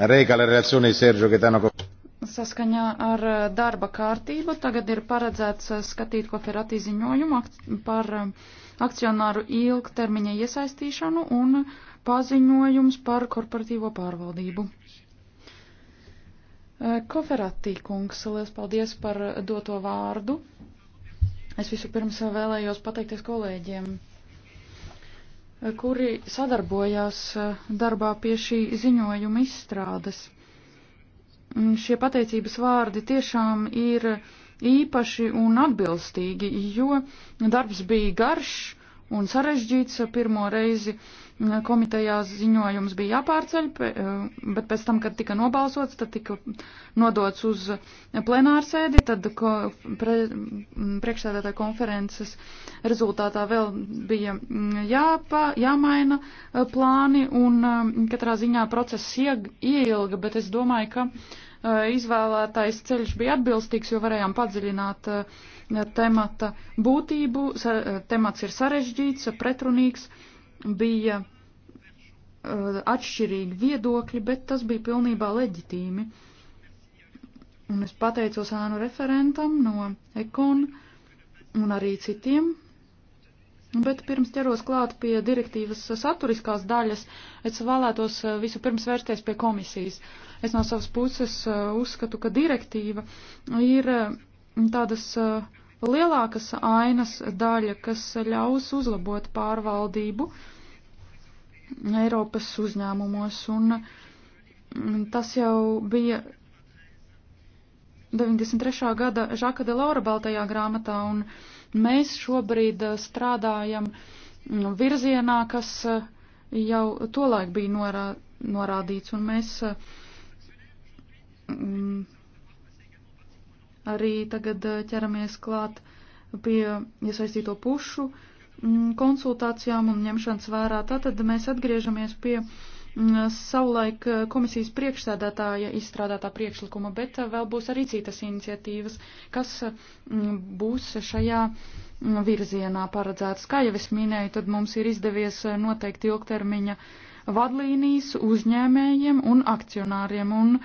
Reika la relazione Sergio Getano. Saskaņā ar eh, darba kārtību tagad ir paredzēts eh, skatīt koferatī ziņojumu par eh, akcionāru ilgtermiņa iesaistīšanu un paziņojums par korporatīvo pārvaldību. Koferatī kungs, liels paldies par doto vārdu. Es visu pirms vēlējos pateikties kolēģiem kuri sadarbojās e, darbā pie šī ziņojuma izstrādes. Šie pateicības vārdi tiešām ir īpaši un atbilstīgi, jo darbs bija garš, un sarežģīts. Eh, pirmo reizi mm, komitejā ziņojums bija jāpārceļ, eh, bet pēc tam, kad tika nobalsots, tad tika nodots uz eh, plenārsēdi, tad ko, pre, mm, priekšsēdētāja konferences rezultātā vēl bija mm, jāpa, jāmaina plāni, un katrā ziņā process ieilga, bet es domāju, ka izvēlētais ceļš bija atbilstīgs, jo varējām padziļināt uh, Eh, temata būtību. Eh, temats ir sarežģīts, pretrunīgs, bija eh, atšķirīgi viedokļi, bet tas bija pilnībā leģitīmi. Un es pateicos ānu referentam no Ekon un arī citiem. Bet pirms ķeros klāt pie direktīvas saturiskās daļas, es vēlētos visu pirms vērsties pie komisijas. Es no savas puses uzskatu, ka direktīva ir tādas uh, lielākas ainas daļa, kas ļaus uzlabot pārvaldību Eiropas uzņēmumos. Un mm, tas jau bija 93. gada Žaka de Laura baltajā grāmatā, un mēs šobrīd eh, strādājam mm, virzienā, kas eh, jau tolaik bija norā, norādīts, un mēs eh, mm, arī tagad eh, ķeramies klāt pie iesaistīto pušu mm, konsultācijām un ņemšanas vērā. Tātad mēs atgriežamies pie mm, savulaik eh, komisijas priekšsēdētāja izstrādātā priekšlikuma, bet eh, vēl būs arī citas iniciatīvas, kas mm, būs šajā virzienā paredzētas. Kā jau es minēju, tad mums ir izdevies noteikt ilgtermiņa vadlīnijas uzņēmējiem un akcionāriem. Un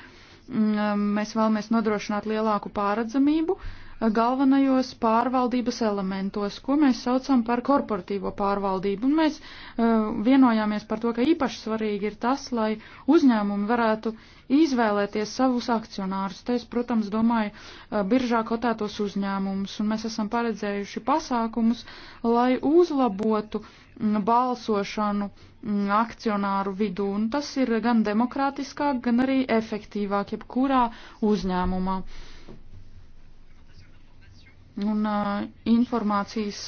Mm, mm, mēs vēlamies nodrošināt lielāku pāredzamību uh, galvenajos pārvaldības elementos, ko mēs saucam par korporatīvo pārvaldību. Un mēs eh, vienojāmies par to, ka īpaši svarīgi ir tas, lai uzņēmumi varētu izvēlēties savus akcionārus. Te es, protams, domāju eh, biržā kotētos uzņēmumus, un mēs esam paredzējuši pasākumus, lai uzlabotu mm, balsošanu mm, akcionāru vidū, un tas ir gan demokrātiskāk, gan arī efektīvāk jebkurā uzņēmumā. Uh, un uh, informācijas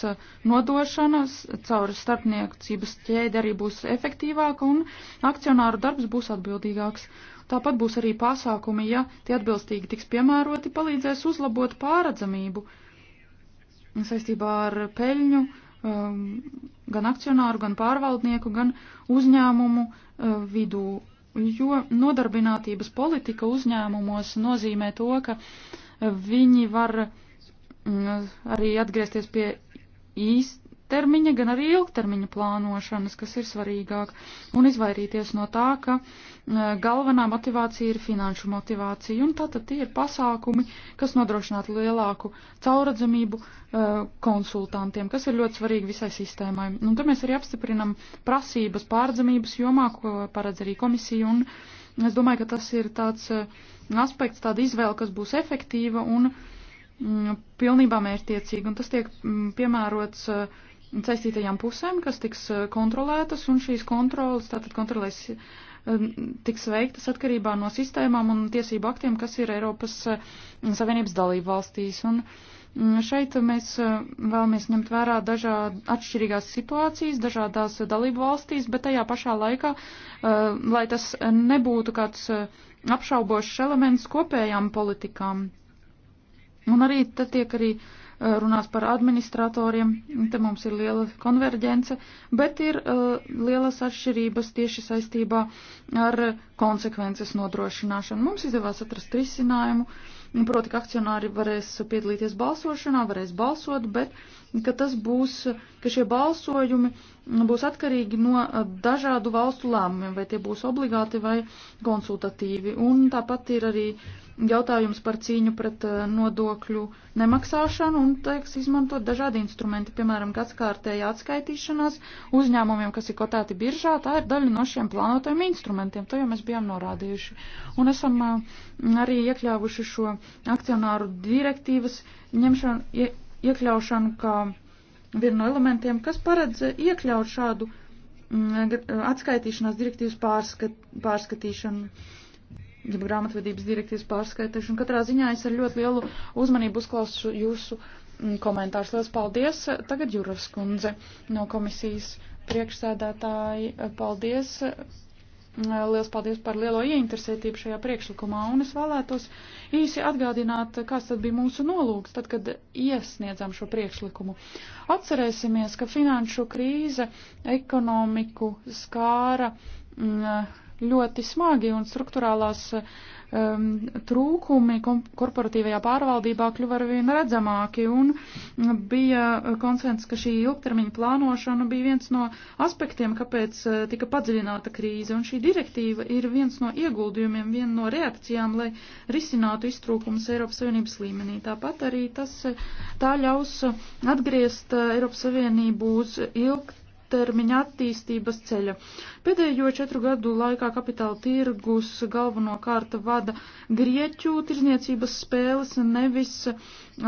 nodošanas caur starpniecības ķēdi arī būs efektīvāka un akcionāru darbs būs atbildīgāks. Tāpat būs arī pasākumi, ja tie atbilstīgi tiks piemēroti, palīdzēs uzlabot pāredzamību saistībā ar peļņu um, gan akcionāru, gan pārvaldnieku, gan uzņēmumu uh, vidū, jo nodarbinātības politika uzņēmumos nozīmē to, ka viņi var uh, Mm, arī atgriezties pie īstermiņa, gan arī ilgtermiņa plānošanas, kas ir svarīgāk, un izvairīties no tā, ka mm, galvenā motivācija ir finanšu motivācija, un tātad tie ir pasākumi, kas nodrošinātu lielāku cauradzamību eh, konsultantiem, kas ir ļoti svarīgi visai sistēmai. Un te mēs arī apstiprinam prasības pārdzamības jomā, ko paredz arī komisija, un es domāju, ka tas ir tāds eh, aspekts, tāda izvēle, kas būs efektīva un uh, Mm, pilnībā mērķtiecīgi, un tas tiek mm, piemērots eh, saistītajām pusēm, kas tiks eh, kontrolētas, un šīs kontrolas tātad kontrolēs eh, tiks veiktas atkarībā no sistēmām un tiesību aktiem, kas ir Eiropas Savienības dalību valstīs. Un mm, šeit mēs vēlamies ņemt vērā dažādi atšķirīgās situācijas dažādās dalību valstīs, bet tajā pašā laikā, lai tas nebūtu kāds apšaubošs elements kopējām politikām. Un arī tad tiek arī uh, runās par administratoriem, te mums ir liela konverģence, bet ir uh, lielas atšķirības tieši saistībā ar konsekvences nodrošināšanu. Mums izdevās atrast risinājumu, proti, ka akcionāri varēs piedalīties balsošanā, varēs balsot, bet ka tas būs, ka šie balsojumi būs atkarīgi no uh, dažādu valstu lēmumiem, vai tie būs obligāti vai konsultatīvi. Un tāpat ir arī uh, jautājums par cīņu pret eh, nodokļu nemaksāšanu un tieks izmantot dažādi instrumenti, piemēram, gadskārtēja atskaitīšanās uzņēmumiem, kas ir kotēti biržā, tā ir daļa no šiem plānotajiem instrumentiem, to jau mēs bijām norādījuši. Un esam eh, arī iekļāvuši šo akcionāru direktīvas ņemšanu, iekļaušanu kā vienu no elementiem, kas paredz eh, iekļaut šādu mm, atskaitīšanās direktīvas pārskat, pārskatīšanu ja grāmatvedības direktīvas pārskaitīšanu. Katrā ziņā es ar ļoti lielu uzmanību uzklausu jūsu mm, komentārus. Lielas paldies! Tagad Juras kundze no komisijas priekšsēdētāji. Paldies! Lielas paldies par lielo ieinteresētību šajā priekšlikumā, un es vēlētos īsi atgādināt, kāds tad bija mūsu nolūks, tad, kad iesniedzām šo priekšlikumu. Atcerēsimies, ka finanšu krīze ekonomiku skāra. Mm, ļoti smagi un struktūrālās um, trūkumi korporatīvajā pārvaldībā kļuva arvien redzamāki un bija konsens, ka šī ilgtermiņa plānošana bija viens no aspektiem, kāpēc uh, tika padziļināta krīze un šī direktīva ir viens no ieguldījumiem, viena no reakcijām, lai risinātu iztrūkumus Eiropas Savienības līmenī. Tāpat arī tas uh, tā ļaus atgriezt uh, Eiropas Savienību uz ilgtermiņa attīstības ceļa. Uh, Pēdējo četru gadu laikā kapitāla tirgus galvenokārt vada grieķu tirzniecības spēles, nevis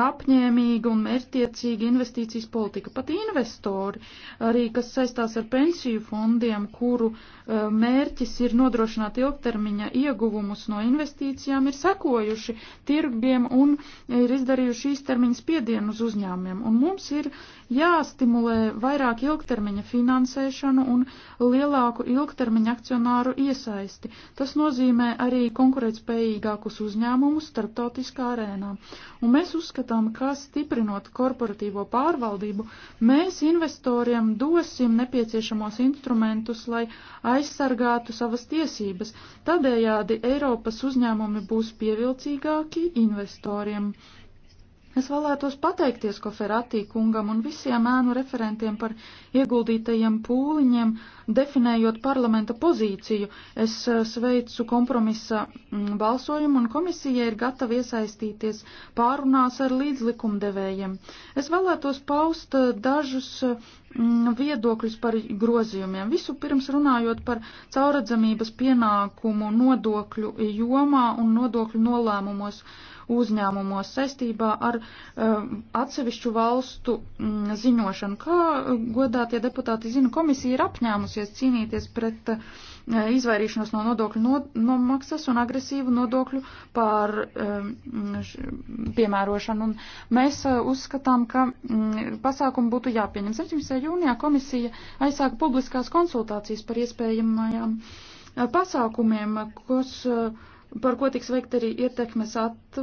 apņēmīga un mērtiecīga investīcijas politika. Pat investori, arī kas saistās ar pensiju fondiem, kuru eh, mērķis ir nodrošināt ilgtermiņa ieguvumus no investīcijām, ir sekojuši tirgiem un ir izdarījuši īstermiņa spiedienu uz uzņēmumiem. Un mums ir jāstimulē vairāk ilgtermiņa finansēšanu un lielāku ilgtermiņa akcionāru iesaisti. Tas nozīmē arī konkurētspējīgākus uzņēmumus starptautiskā arēnā. Un mēs uzskatām, ka stiprinot korporatīvo pārvaldību, mēs investoriem dosim nepieciešamos instrumentus, lai aizsargātu savas tiesības. Tādējādi Eiropas uzņēmumi būs pievilcīgāki investoriem. Es vēlētos pateikties Koferatī kungam un visiem ēnu referentiem par ieguldītajiem pūliņiem, definējot parlamenta pozīciju. Es e, sveicu kompromisa mm, balsojumu un komisija ir gatava iesaistīties pārunās ar līdzlikumdevējiem. Es vēlētos paust e, dažus e, mm, viedokļus par grozījumiem. Visu pirms runājot par cauradzamības pienākumu nodokļu jomā un nodokļu nolēmumos. Uh, uzņēmumos saistībā ar um, atsevišķu valstu um, ziņošanu. Kā godātie deputāti zina, komisija ir apņēmusies cīnīties pret uh, izvairīšanos no nodokļu no, nomaksas un agresīvu nodokļu pār um, š, piemērošanu. Un mēs uh, uzskatām, ka um, pasākumu būtu jāpieņem. 17. jūnijā komisija aizsāka publiskās konsultācijas par iespējamajām uh, pasākumiem, kas uh, par ko tiks veikt arī ietekmes at,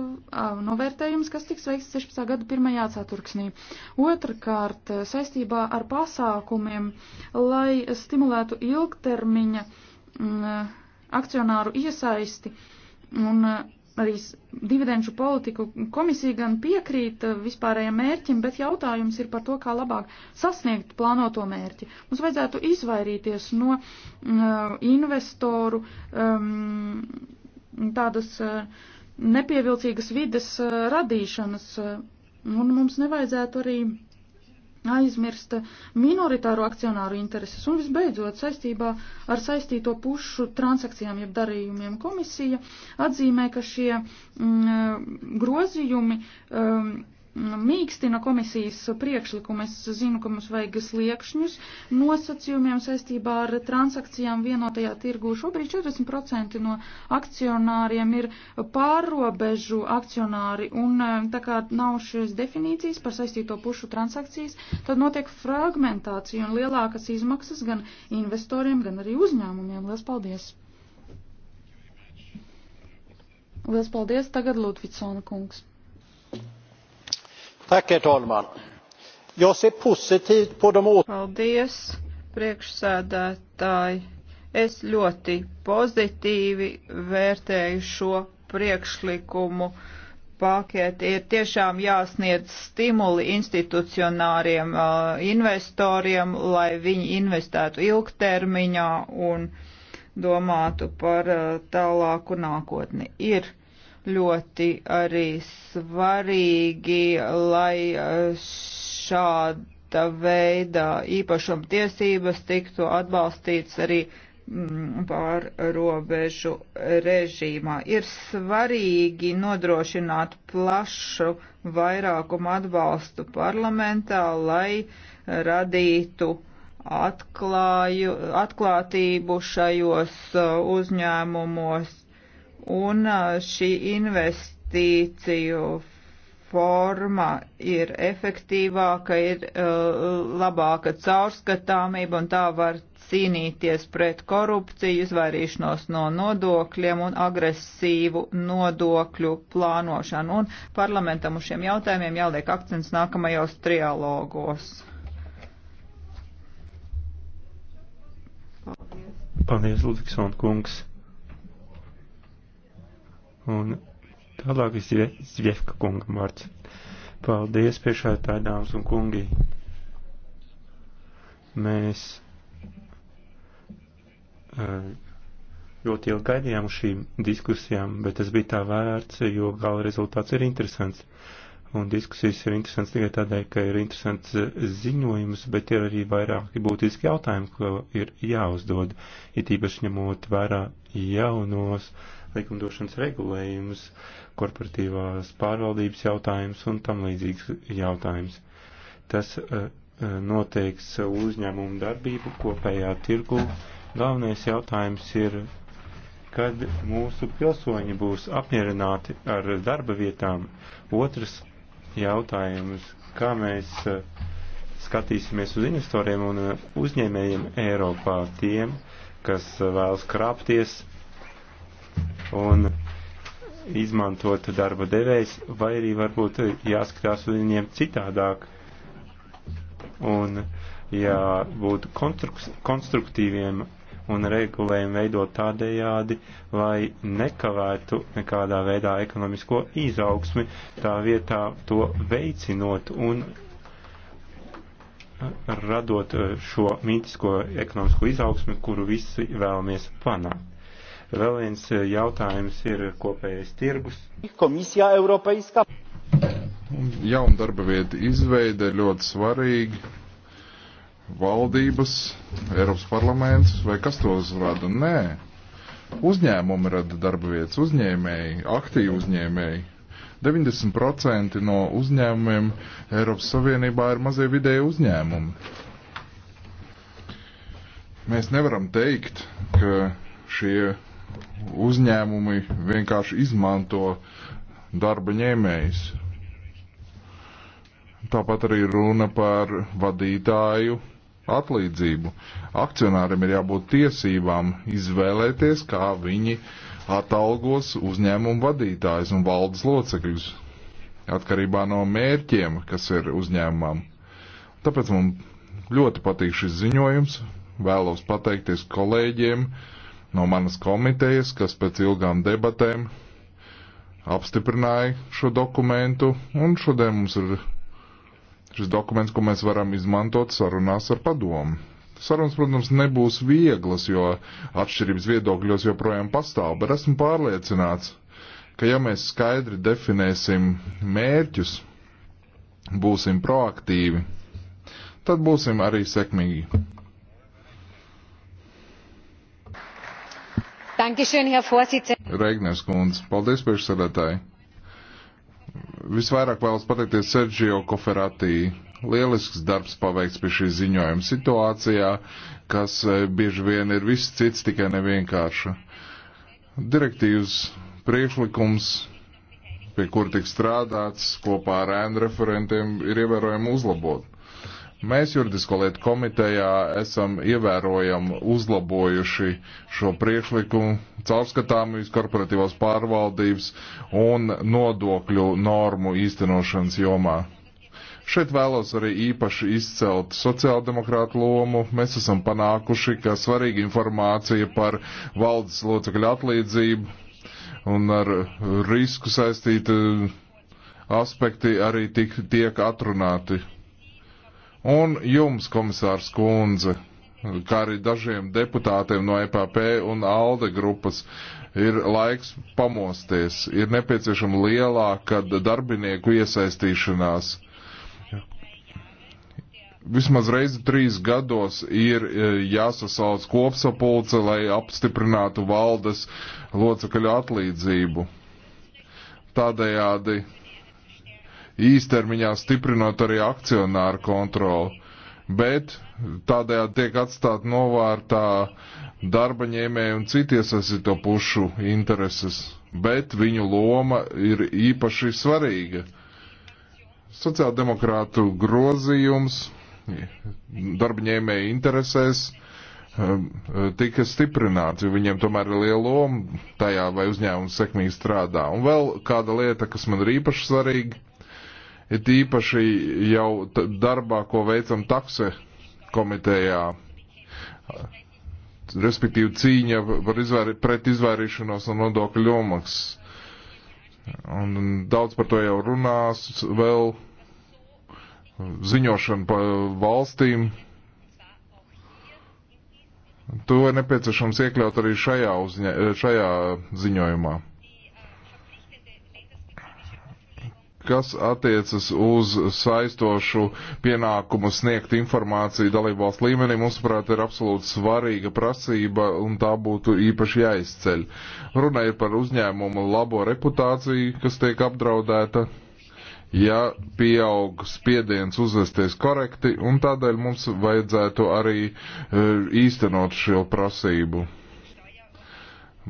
novērtējums, kas tiks veikts 16. gada 1. ceturksnī. Otrakārt, saistībā ar pasākumiem, lai stimulētu ilgtermiņa m, mm, akcionāru iesaisti un arī dividenšu politiku komisija gan piekrīt vispārējiem mērķim, bet jautājums ir par to, kā labāk sasniegt plānoto mērķi. Mums vajadzētu izvairīties no uh, investoru um, tādas eh, nepievilcīgas vides eh, radīšanas, eh, un mums nevajadzētu arī aizmirst minoritāro akcionāru intereses, un visbeidzot saistībā ar saistīto pušu transakcijām, jeb darījumiem komisija atzīmē, ka šie mm, grozījumi mm, mīkstina komisijas priekšlikumu. Es zinu, ka mums vajag sliekšņus nosacījumiem saistībā ar transakcijām vienotajā tirgū. Šobrīd 40% no akcionāriem ir pārobežu akcionāri, un eh, tā kā nav šīs definīcijas par saistīto pušu transakcijas, tad notiek fragmentācija un lielākas izmaksas gan investoriem, gan arī uzņēmumiem. Lielas paldies! Lielas paldies! Tagad Lutvidsona kungs herr talman! Jag ser positivt på de Paldies, priekšsēdētāji. Es ļoti pozitīvi vērtēju šo priekšlikumu paketi. Ir tiešām jāsniedz stimuli institucionāriem uh, investoriem, lai viņi investētu ilgtermiņā un domātu par uh, tālāku nākotni. Ir ļoti arī svarīgi, lai eh, šāda veida īpašuma tiesības tiktu atbalstīts arī mm, pārrobežu režīmā. Ir svarīgi nodrošināt plašu vairākumu atbalstu parlamentā, lai radītu atklāju, atklātību šajos eh, uzņēmumos un šī investīciju forma ir efektīvāka, ir uh, labāka caurskatāmība un tā var cīnīties pret korupciju, izvairīšanos no nodokļiem un agresīvu nodokļu plānošanu. Un parlamentam uz šiem jautājumiem jāliek akcents nākamajos trialogos. Paldies, Paldies Ludvigsson kungs. Un tālāk ir Zviefka kunga vārds. Paldies, priekšētāji, dāmas un kungi. Mēs eh, ļoti ilgi gaidījām uz šīm diskusijām, bet tas bija tā vērts, jo gala rezultāts ir interesants. Un diskusijas ir interesants tikai tādēļ, ka ir interesants eh, ziņojums, bet ir arī vairāki būtiski jautājumi, ko ir jāuzdod, it īpaši ņemot vērā jaunos uh, likumdošanas regulējumus, korporatīvās pārvaldības jautājumus un tam līdzīgs jautājums. Tas uh, uh, noteiks uzņēmumu darbību kopējā tirgu. Galvenais jautājums ir, kad mūsu pilsoņi būs apmierināti ar darba vietām. Otrs jautājums, kā mēs uh, skatīsimies uz investoriem un uzņēmējiem Eiropā, tiem, kas vēlas krāpties un izmantot darba devējs, vai arī varbūt jāskatās uz viņiem citādāk. Un ja būtu konstruktīviem un regulējumu veidot tādējādi, lai nekavētu nekādā veidā ekonomisko izaugsmi, tā vietā to veicinot un radot šo mītisko ekonomisko izaugsmi, kuru visi vēlamies panākt. Vēl viens eh, jautājums ir kopējais tirgus. Komisijā Eiropaiskā. Jauna darba vieta izveide ļoti svarīga. Valdības, Eiropas parlaments vai kas tos rada? Nē. Uzņēmumi rada darba vietas, uzņēmēji, aktīvi uzņēmēji. 90% no uzņēmumiem Eiropas Savienībā ir mazie vidēji uzņēmumi. Mēs nevaram teikt, ka šie uzņēmumi vienkārši izmanto darba ņēmējus. Tāpat arī runa par vadītāju atlīdzību. Akcionāriem ir jābūt tiesībām izvēlēties, kā viņi atalgos uzņēmumu vadītājus un valdes locekļus atkarībā no mērķiem, kas ir uzņēmumam. Tāpēc man ļoti patīk šis ziņojums. Vēlos pateikties kolēģiem, uh, no manas komitejas, kas pēc ilgām debatēm apstiprināja šo dokumentu, un šodien mums ir šis dokuments, ko mēs varam izmantot sarunās ar padomu. Sarunas, protams, nebūs vieglas, jo atšķirības viedokļos joprojām pastāv, bet esmu pārliecināts, ka ja mēs skaidri definēsim mērķus, būsim proaktīvi, tad būsim arī sekmīgi. Reigners kundze, paldies priekšsēdētāji. Visvairāk vēlas pateikties Sergio Koferatī. Lielisks darbs paveikts pie šī ziņojuma situācijā, kas eh, bieži vien ir viss cits, tikai nevienkārša. Direktīvas priekšlikums, pie kura tik strādāts kopā ar ēnu referentiem, ir ievērojami uzlabot Mēs juridisko lietu komitejā esam ievērojami uzlabojuši šo priekšlikumu, caurskatāmības, korporatīvās pārvaldības un nodokļu normu īstenošanas jomā. Šeit vēlos arī īpaši izcelt sociāldemokrātu lomu. Mēs esam panākuši, ka svarīga informācija par valdes locekļu atlīdzību un ar risku saistīta aspekti arī tik, tiek atrunāti Un jums, komisārs Kunze, kā arī dažiem deputātiem no EPP un ALDE grupas, ir laiks pamosties. Ir nepieciešama lielāka darbinieku iesaistīšanās. Vismaz reizi trīs gados ir e, jāsasauc kopsapulce, lai apstiprinātu valdes locekļu atlīdzību. Tādējādi īstermiņā stiprinot arī akcionāru kontroli. Bet tādējādi tiek atstāt novārtā darba ņēmēju un citi iesaistīto pušu intereses, bet viņu loma ir īpaši svarīga. Sociāldemokrātu grozījums darba ņēmēju interesēs um, tika stiprināts, jo viņiem tomēr ir liela loma tajā, vai uzņēmums sekmīgi strādā. Un vēl kāda lieta, kas man ir īpaši svarīga, it īpaši jau darbā, ko veicam takse komitejā, respektīvi cīņa par izvairi, pret izvairīšanos no nodokļu jomaksas. Un daudz par to jau runās, vēl ziņošana pa valstīm. To ir nepieciešams iekļaut arī šajā, uzņa, šajā ziņojumā. kas attiecas uz saistošu pienākumu sniegt informāciju dalībvalsts līmenī, mūsuprāt, ir absolūti svarīga prasība un tā būtu īpaši jāizceļ. Runa ir par uzņēmumu labo reputāciju, kas tiek apdraudēta, ja pieaug spiediens uzvesties korekti, un tādēļ mums vajadzētu arī e, īstenot šo prasību.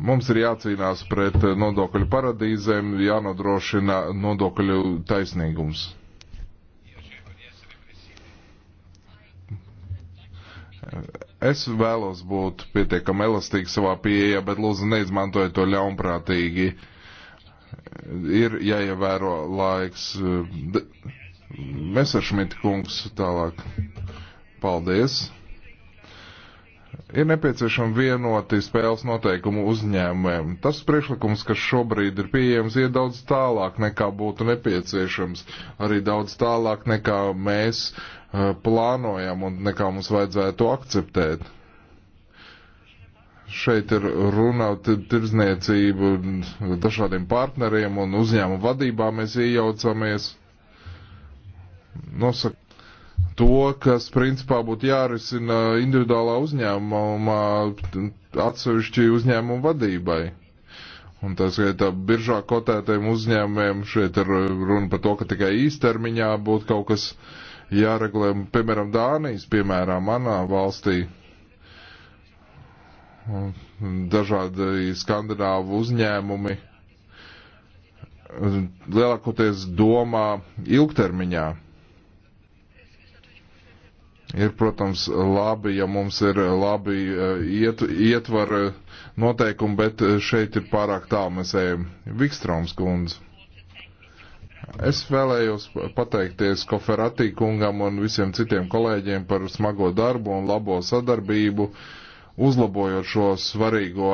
Mums ir jācīnās pret nodokļu paradīzēm, jānodrošina nodokļu taisnīgums. Es vēlos būt pietiekami elastīgs savā pieeja, bet lūdzu neizmantojiet to ļaunprātīgi. Ir jāievēro laiks. Mesaršmit kungs tālāk. Paldies! Ir nepieciešama vienoti spēles noteikumu uzņēmumiem. Tas priekšlikums, kas šobrīd ir pieejams, iet daudz tālāk nekā būtu nepieciešams, arī daudz tālāk nekā mēs uh, plānojam un nekā mums vajadzētu akceptēt. Šeit ir runa tirzniecību dažādiem partneriem un uzņēmumu vadībā mēs iejaucamies. Nosaka to, kas principā būtu jārisina individuālā uzņēmumā atsevišķi uzņēmumu vadībai. Un tas, ka tā biržā kotētajiem uzņēmumiem šeit ir runa par to, ka tikai īstermiņā būtu kaut kas jāregulē, piemēram, Dānijas, piemēram, manā valstī. Dažādi skandināvu uzņēmumi lielākoties domā ilgtermiņā Ir, protams, labi, ja mums ir eh, labi eh, iet, ietvara eh, noteikumi, bet šeit ir pārāk tālu mēs ejam. Vikstroms kundze. Es vēlējos pateikties Koferatī kungam un visiem citiem kolēģiem par smago darbu un labo sadarbību, uzlabojot šo svarīgo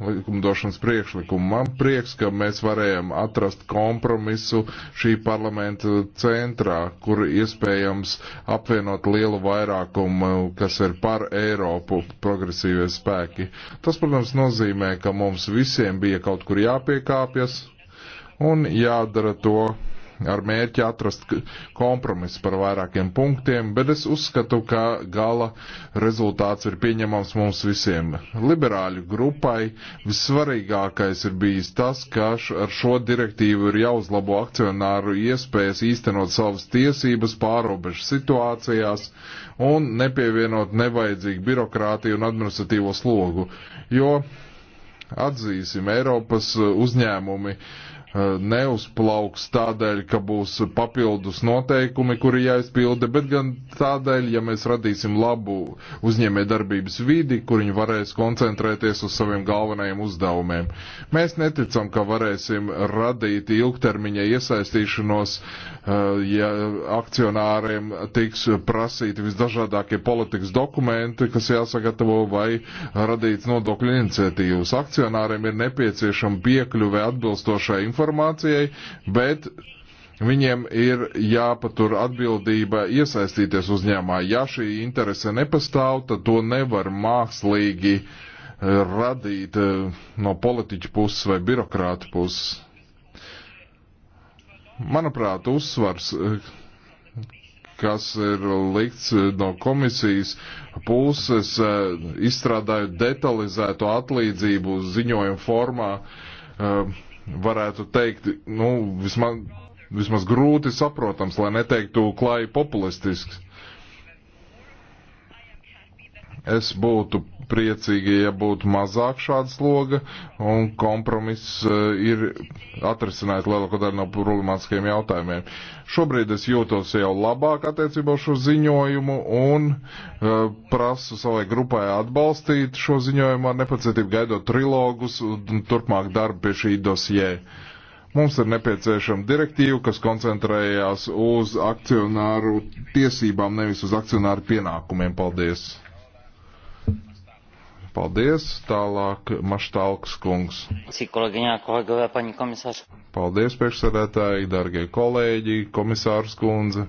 likumdošanas priekšlikumu. Man prieks, ka mēs varējām atrast kompromisu šī parlamenta centrā, kur iespējams apvienot lielu vairākumu, kas ir par Eiropu progresīvie spēki. Tas, protams, nozīmē, ka mums visiem bija kaut kur jāpiekāpjas un jādara to ar mērķi atrast kompromisu par vairākiem punktiem, bet es uzskatu, ka gala rezultāts ir pieņemams mums visiem. Liberāļu grupai vissvarīgākais ir bijis tas, ka ar šo direktīvu ir jāuzlabo akcionāru iespējas īstenot savas tiesības pārobežu situācijās un nepievienot nevajadzīgu birokrātiju un administratīvo slogu, jo atzīsim, Eiropas uzņēmumi uh, neuzplauks tādēļ, ka būs papildus noteikumi, kuri jāizpilda, bet gan tādēļ, ja mēs radīsim labu uzņēmē darbības vidi, kur viņi varēs koncentrēties uz saviem galvenajiem uzdevumiem. Mēs neticam, ka varēsim radīt ilgtermiņa iesaistīšanos, eh, ja akcionāriem tiks prasīti visdažādākie politikas dokumenti, kas jāsagatavo vai radīts nodokļu iniciatīvas. Akcionāriem ir nepieciešama piekļuve atbilstošai informācijai informācijai, bet viņiem ir jāpatur atbildība iesaistīties uzņēmumā. Ja šī interese nepastāv, tad to nevar mākslīgi eh, radīt eh, no politiķa puses vai birokrāta puses. Manuprāt, uzsvars, eh, kas ir likts no komisijas puses, izstrādājot detalizēto atlīdzību ziņojumu formā, Uh, varētu teikt, nu, vismaz, vismaz grūti saprotams, lai neteiktu klāji populistisks. Es būtu priecīgi, ja būtu mazāk šāda sloga, un kompromiss eh, ir atrisinājis lielāko daļu no problemātiskajiem jautājumiem. Šobrīd es jūtos jau labāk attiecībā uz šo ziņojumu un uh, prasu savai grupai atbalstīt šo ziņojumu ar nepacietību gaidot trilogus un turpmāk darbu pie šī dosjē. Mums ir nepieciešama direktīva, kas koncentrējās uz akcionāru tiesībām, nevis uz akcionāru pienākumiem. Paldies! Paldies, tālāk Maštalks kungs. Paldies, priekšsēdētāji, dargie kolēģi, komisārs kundze.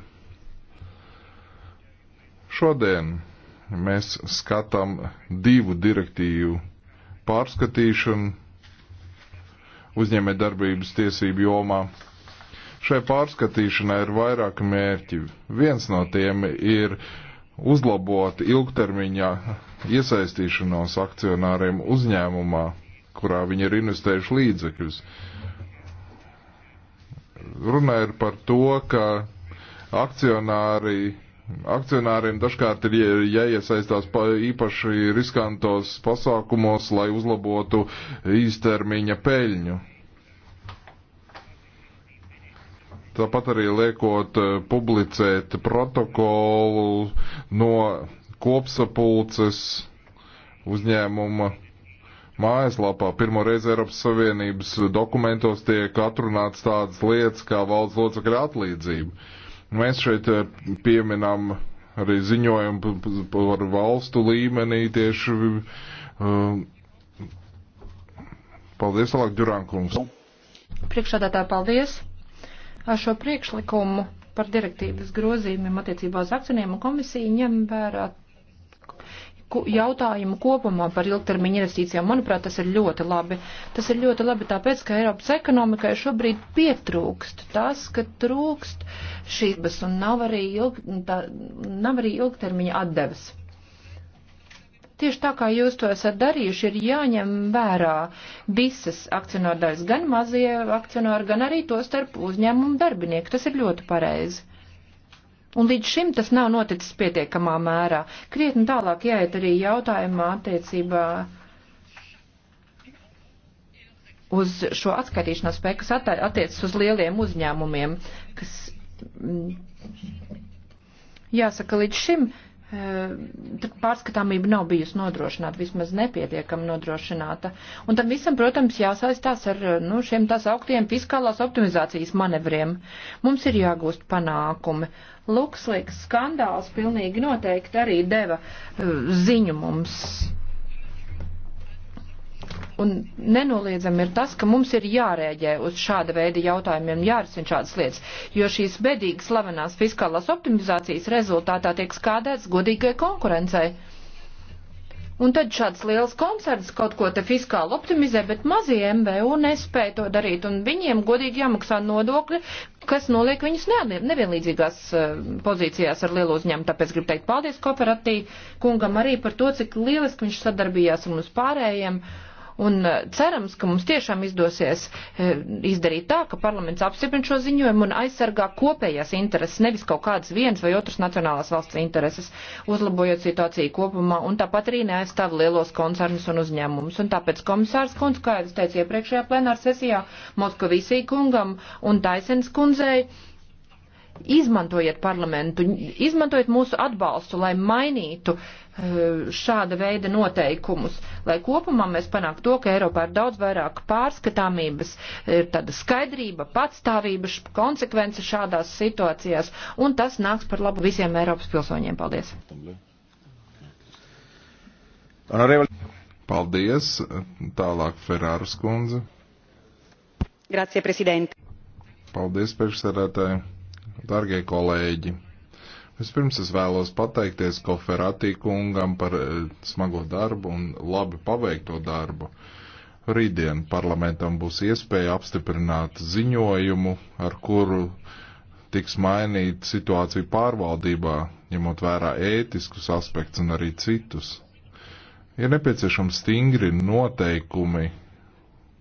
Šodien mēs skatām divu direktīvu pārskatīšanu uzņēmē darbības tiesību jomā. Šai pārskatīšanai ir vairāki mērķi. Viens no tiem ir uzlabot ilgtermiņā iesaistīšanos akcionāriem uzņēmumā, kurā viņi ir investējuši līdzekļus. Runa ir par to, ka akcionāri, akcionāriem dažkārt ir jāiesaistās īpaši riskantos pasākumos, lai uzlabotu īstermiņa peļņu. Tāpat arī liekot eh, publicēt protokolu no kopsapulces uzņēmuma mājaslapā. Pirmo reizi Eiropas Savienības dokumentos tiek atrunāts tādas lietas kā valsts locekļa atlīdzība. Mēs šeit eh, pieminam arī ziņojumu par valstu līmenī tieši. Eh, paldies, Alāk Džurankungs. Priekšādātā paldies. Ar šo priekšlikumu par direktīvas grozījumiem attiecībā uz akcioniem un komisiju ņem vērā jautājumu kopumā par ilgtermiņa investīcijām. Manuprāt, tas ir ļoti labi. Tas ir ļoti labi tāpēc, ka Eiropas ekonomikai šobrīd pietrūkst tas, ka trūkst šības un nav arī, ilg, tā, nav arī ilgtermiņa atdevas. Tieši tā kā jūs to esat darījuši, ir jāņem vērā visas akcionārdaļas, gan mazie akcionāri, gan arī to starp uzņēmumu darbinieku. Tas ir ļoti pareizi. Un līdz šim tas nav noticis pietiekamā mērā. Krietni tālāk jāiet arī jautājumā attiecībā uz šo atskaitīšanās spēju, kas attiecas uz lieliem uzņēmumiem, kas, mm, jāsaka, līdz šim Ehm, pārskatāmība nav bijusi nodrošināta, vismaz nepietiekami nodrošināta. Un tam visam, protams, jāsaistās ar nu, šiem tās augtiem fiskālās optimizācijas manevriem. Mums ir jāgūst panākumi. Lukslīgs skandāls pilnīgi noteikti arī deva eh, ziņu mums Un nenoliedzami ir tas, ka mums ir jārēģē uz šāda veida jautājumiem, jārisina šādas lietas, jo šīs bedīgas slavenās fiskālās optimizācijas rezultātā tiek skādēts godīgai konkurencei. Un tad šāds liels koncerns kaut ko te fiskāli optimizē, bet mazie MVU nespēja to darīt, un viņiem godīgi jāmaksā nodokļi, kas noliek viņus nevienlīdzīgās eh, pozīcijās ar lielu uzņēmumu. Tāpēc gribu teikt paldies kooperatīvi kungam arī par to, cik lieliski viņš sadarbījās ar mums pārējiem. Uh, un eh, cerams, ka mums tiešām izdosies eh, izdarīt tā, ka parlaments apstiprina šo ziņojumu un aizsargā kopējās intereses, nevis kaut kādas vienas vai otras nacionālās valsts intereses, uzlabojot situāciju kopumā un tāpat arī neaizstāv lielos koncernus un uzņēmumus. Un tāpēc komisārs Kunds, kā jau es teicu iepriekšējā plenāra sesijā, Moskovisī kungam un Taisens kundzei, Izmantojiet parlamentu, izmantojiet mūsu atbalstu, lai mainītu eh, šāda veida noteikumus, lai kopumā mēs panāktu to, ka Eiropā ir daudz vairāk pārskatāmības, ir tāda skaidrība, patstāvība, konsekvence šādās situācijās, un tas nāks par labu visiem Eiropas pilsoņiem. Paldies! Paldies! Tālāk Ferāras kundze. Grazie, prezident! Paldies, priekšsēdētāji! Dargie kolēģi, vispirms es vēlos pateikties Koferatī kungam par eh, smago darbu un labi paveikto darbu. Rītdien parlamentam būs iespēja apstiprināt ziņojumu, ar kuru tiks mainīta situācija pārvaldībā, ņemot vērā ētiskus aspektus un arī citus. Ir nepieciešams stingri noteikumi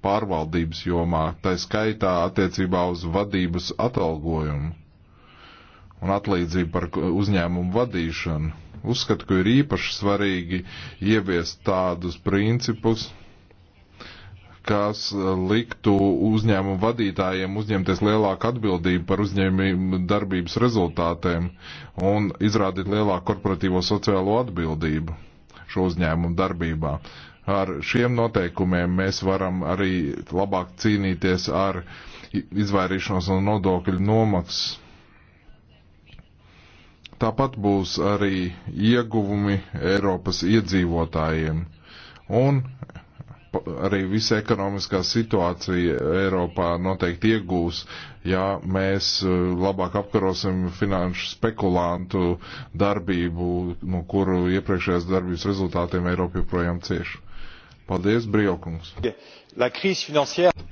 pārvaldības jomā, tā skaitā attiecībā uz vadības atalgojumu un atlīdzību par uzņēmumu vadīšanu. Uzskatu, ka ir īpaši svarīgi ieviest tādus principus, kas eh, liktu uzņēmumu vadītājiem uzņemties lielāku atbildību par uzņēmumu darbības rezultātiem un izrādīt lielāku korporatīvo sociālo atbildību šo uzņēmumu darbībā. Ar šiem noteikumiem mēs varam arī labāk cīnīties ar izvairīšanos no nodokļu nomaksas Tāpat būs arī ieguvumi Eiropas iedzīvotājiem un arī visa ekonomiskā situācija Eiropā noteikti iegūs, ja mēs eh, labāk apkarosim finanšu spekulantu darbību, no kuru iepriekšējās darbības rezultātiem Eiropa joprojām cieši. Paldies, Brīvkungs.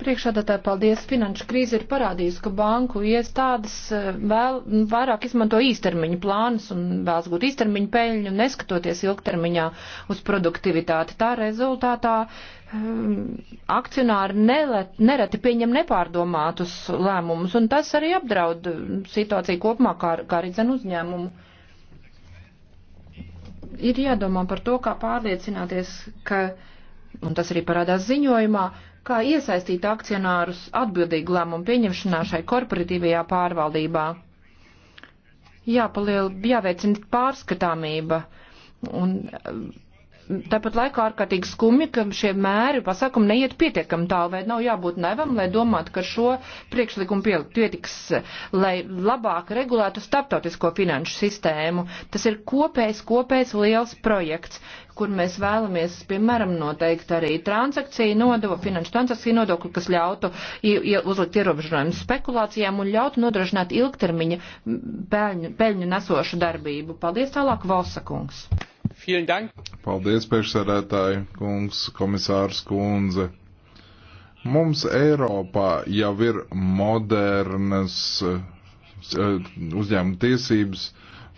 Priekšādātāji, paldies. Finanšu krīze ir parādījusi, ka banku iestādes e, vēl vairāk izmanto īstermiņu plānus un vēlas gūt īstermiņu peļņu, neskatoties ilgtermiņā uz produktivitāti. Tā rezultātā e, akcionāri nelet, nereti pieņem nepārdomātus lēmumus, un tas arī apdraud situāciju kopumā, kā, kā arī dzen uzņēmumu. Ir jādomā par to, kā pārliecināties, ka un tas arī parādās ziņojumā, kā iesaistīt akcionārus atbildīgu lēmumu pieņemšanā šai korporatīvajā pārvaldībā. Jāpaliel, jāveicina pārskatāmība un Tāpat laikā ārkārtīgi skumji, ka šie mēri pasākumi neiet pietiekam tālu, vai nav jābūt nevam, lai domātu, ka šo priekšlikumu pietiks, lai labāk regulētu starptautisko finanšu sistēmu. Tas ir kopējs, kopējs liels projekts, kur mēs vēlamies, piemēram, noteikt arī transakciju nodevu, finanšu transakciju nodokli, kas ļautu uzlikt ierobežojumu spekulācijām un ļautu nodrošināt ilgtermiņa peļņu, peļņu nesošu darbību. Paldies tālāk, Valsakungs. Vielen Dank. Paldies, priekšsēdētāji, kungs, komisārs kundze. Mums Eiropā jau ir modernas eh, uzņēmuma tiesības.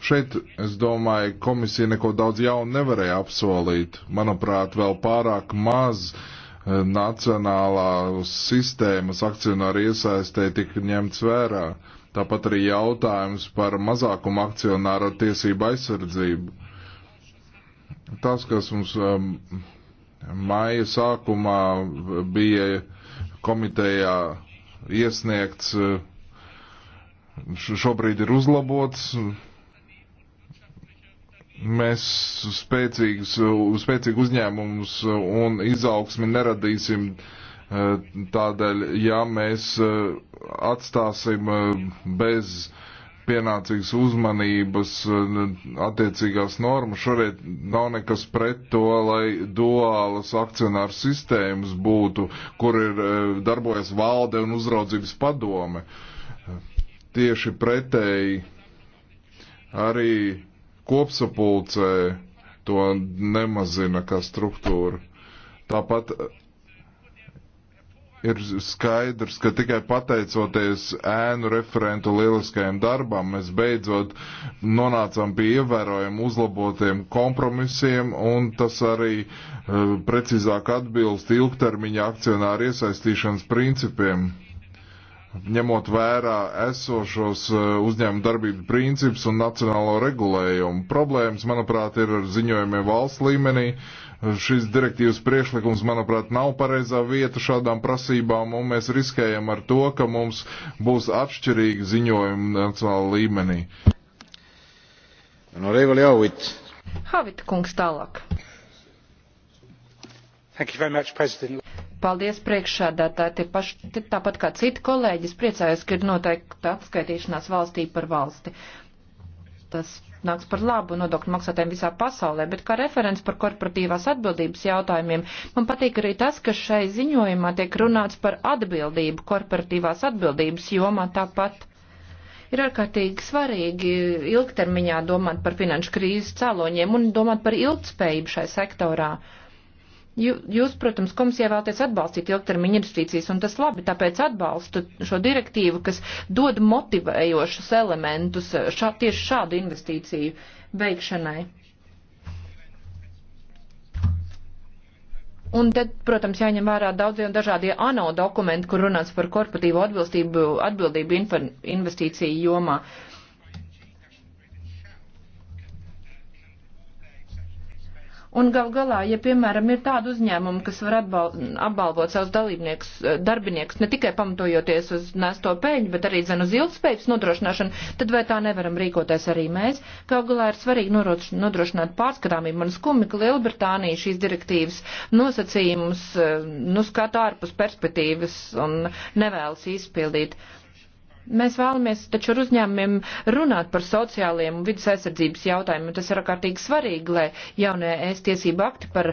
Šeit, es domāju, komisija neko daudz jaunu nevarēja apsolīt. Manuprāt, vēl pārāk maz eh, nacionālā sistēmas akcionāri iesaistē tika ņemts vērā. Tāpat arī jautājums par mazākumu akcionāru tiesību aizsardzību Tas, kas mums māja um, sākumā bija komitejā iesniegts, uh, šobrīd ir uzlabots. Mēs spēcīgus, spēcīgu uzņēmumus un izaugsmi neradīsim uh, tādēļ, ja mēs uh, atstāsim bez uh, pienācīgas uzmanības attiecīgās normas. Šoreiz nav nekas pret to, lai duālas akcionāru sistēmas būtu, kur ir e, darbojas valde un uzraudzības padome. Tieši pretēji arī kopsapulcē to nemazina kā struktūra. Tāpat ir skaidrs, ka tikai pateicoties ēnu referentu lieliskajam darbam, mēs beidzot nonācām pie ievērojumu uzlabotiem kompromisiem, un tas arī uh, precīzāk atbilst ilgtermiņa akcionāru iesaistīšanas principiem ņemot vērā esošos eh, uzņēmuma darbību principus un nacionālo regulējumu. Problēmas, manuprāt, ir ar ziņojumiem valsts līmenī, Šis direktīvas priekšlikums, manuprāt, nav pareizā vieta šādām prasībām, un mēs riskējam ar to, ka mums būs atšķirīgi ziņojumi nacionāla līmenī. Honorable Howitt. Howitt kungs tālāk. Thank you very much, President. Paldies priekšsēdētāji, tie paši, tie tāpat kā citi kolēģis, priecājos, ka ir noteikta atskaitīšanās valstī par valsti. Tas nāks par labu nodokļu maksātēm visā pasaulē, bet kā referents par korporatīvās atbildības jautājumiem, man patīk arī tas, ka šai ziņojumā tiek runāts par atbildību korporatīvās atbildības jomā tāpat. Ir ārkārtīgi svarīgi ilgtermiņā domāt par finanšu krīzes cēloņiem un domāt par ilgtspējību šai sektorā. Jūs, protams, komisijā vēlaties atbalstīt ilgtermiņa investīcijas, un tas labi, tāpēc atbalstu šo direktīvu, kas dod motivējošus elementus šā, tieši šādu investīciju veikšanai. Un tad, protams, jāņem vērā daudzie un dažādie ANO dokumenti, kur runāts par korporatīvo atbildību investīciju jomā. Un gal galā, ja, piemēram, ir tāda uzņēmuma, kas var atbal, apbalvot savus dalībniekus, eh, darbiniekus, ne tikai pamatojoties uz nesto peļņu, bet arī, zinu, uz ilgspējības nodrošināšanu, tad vai tā nevaram rīkoties arī mēs? Gal galā ir svarīgi nodrošināt pārskatāmību. Man skumi, ka Lielbritānija šīs direktīvas nosacījumus, eh, nu, skata ārpus perspektīvas un nevēlas izpildīt. Mēs vēlamies taču ar uzņēmumiem runāt par sociālajiem un vidas aizsardzības jautājumiem. Tas ir ārkārtīgi svarīgi, lai jaunie ēst tiesība akti par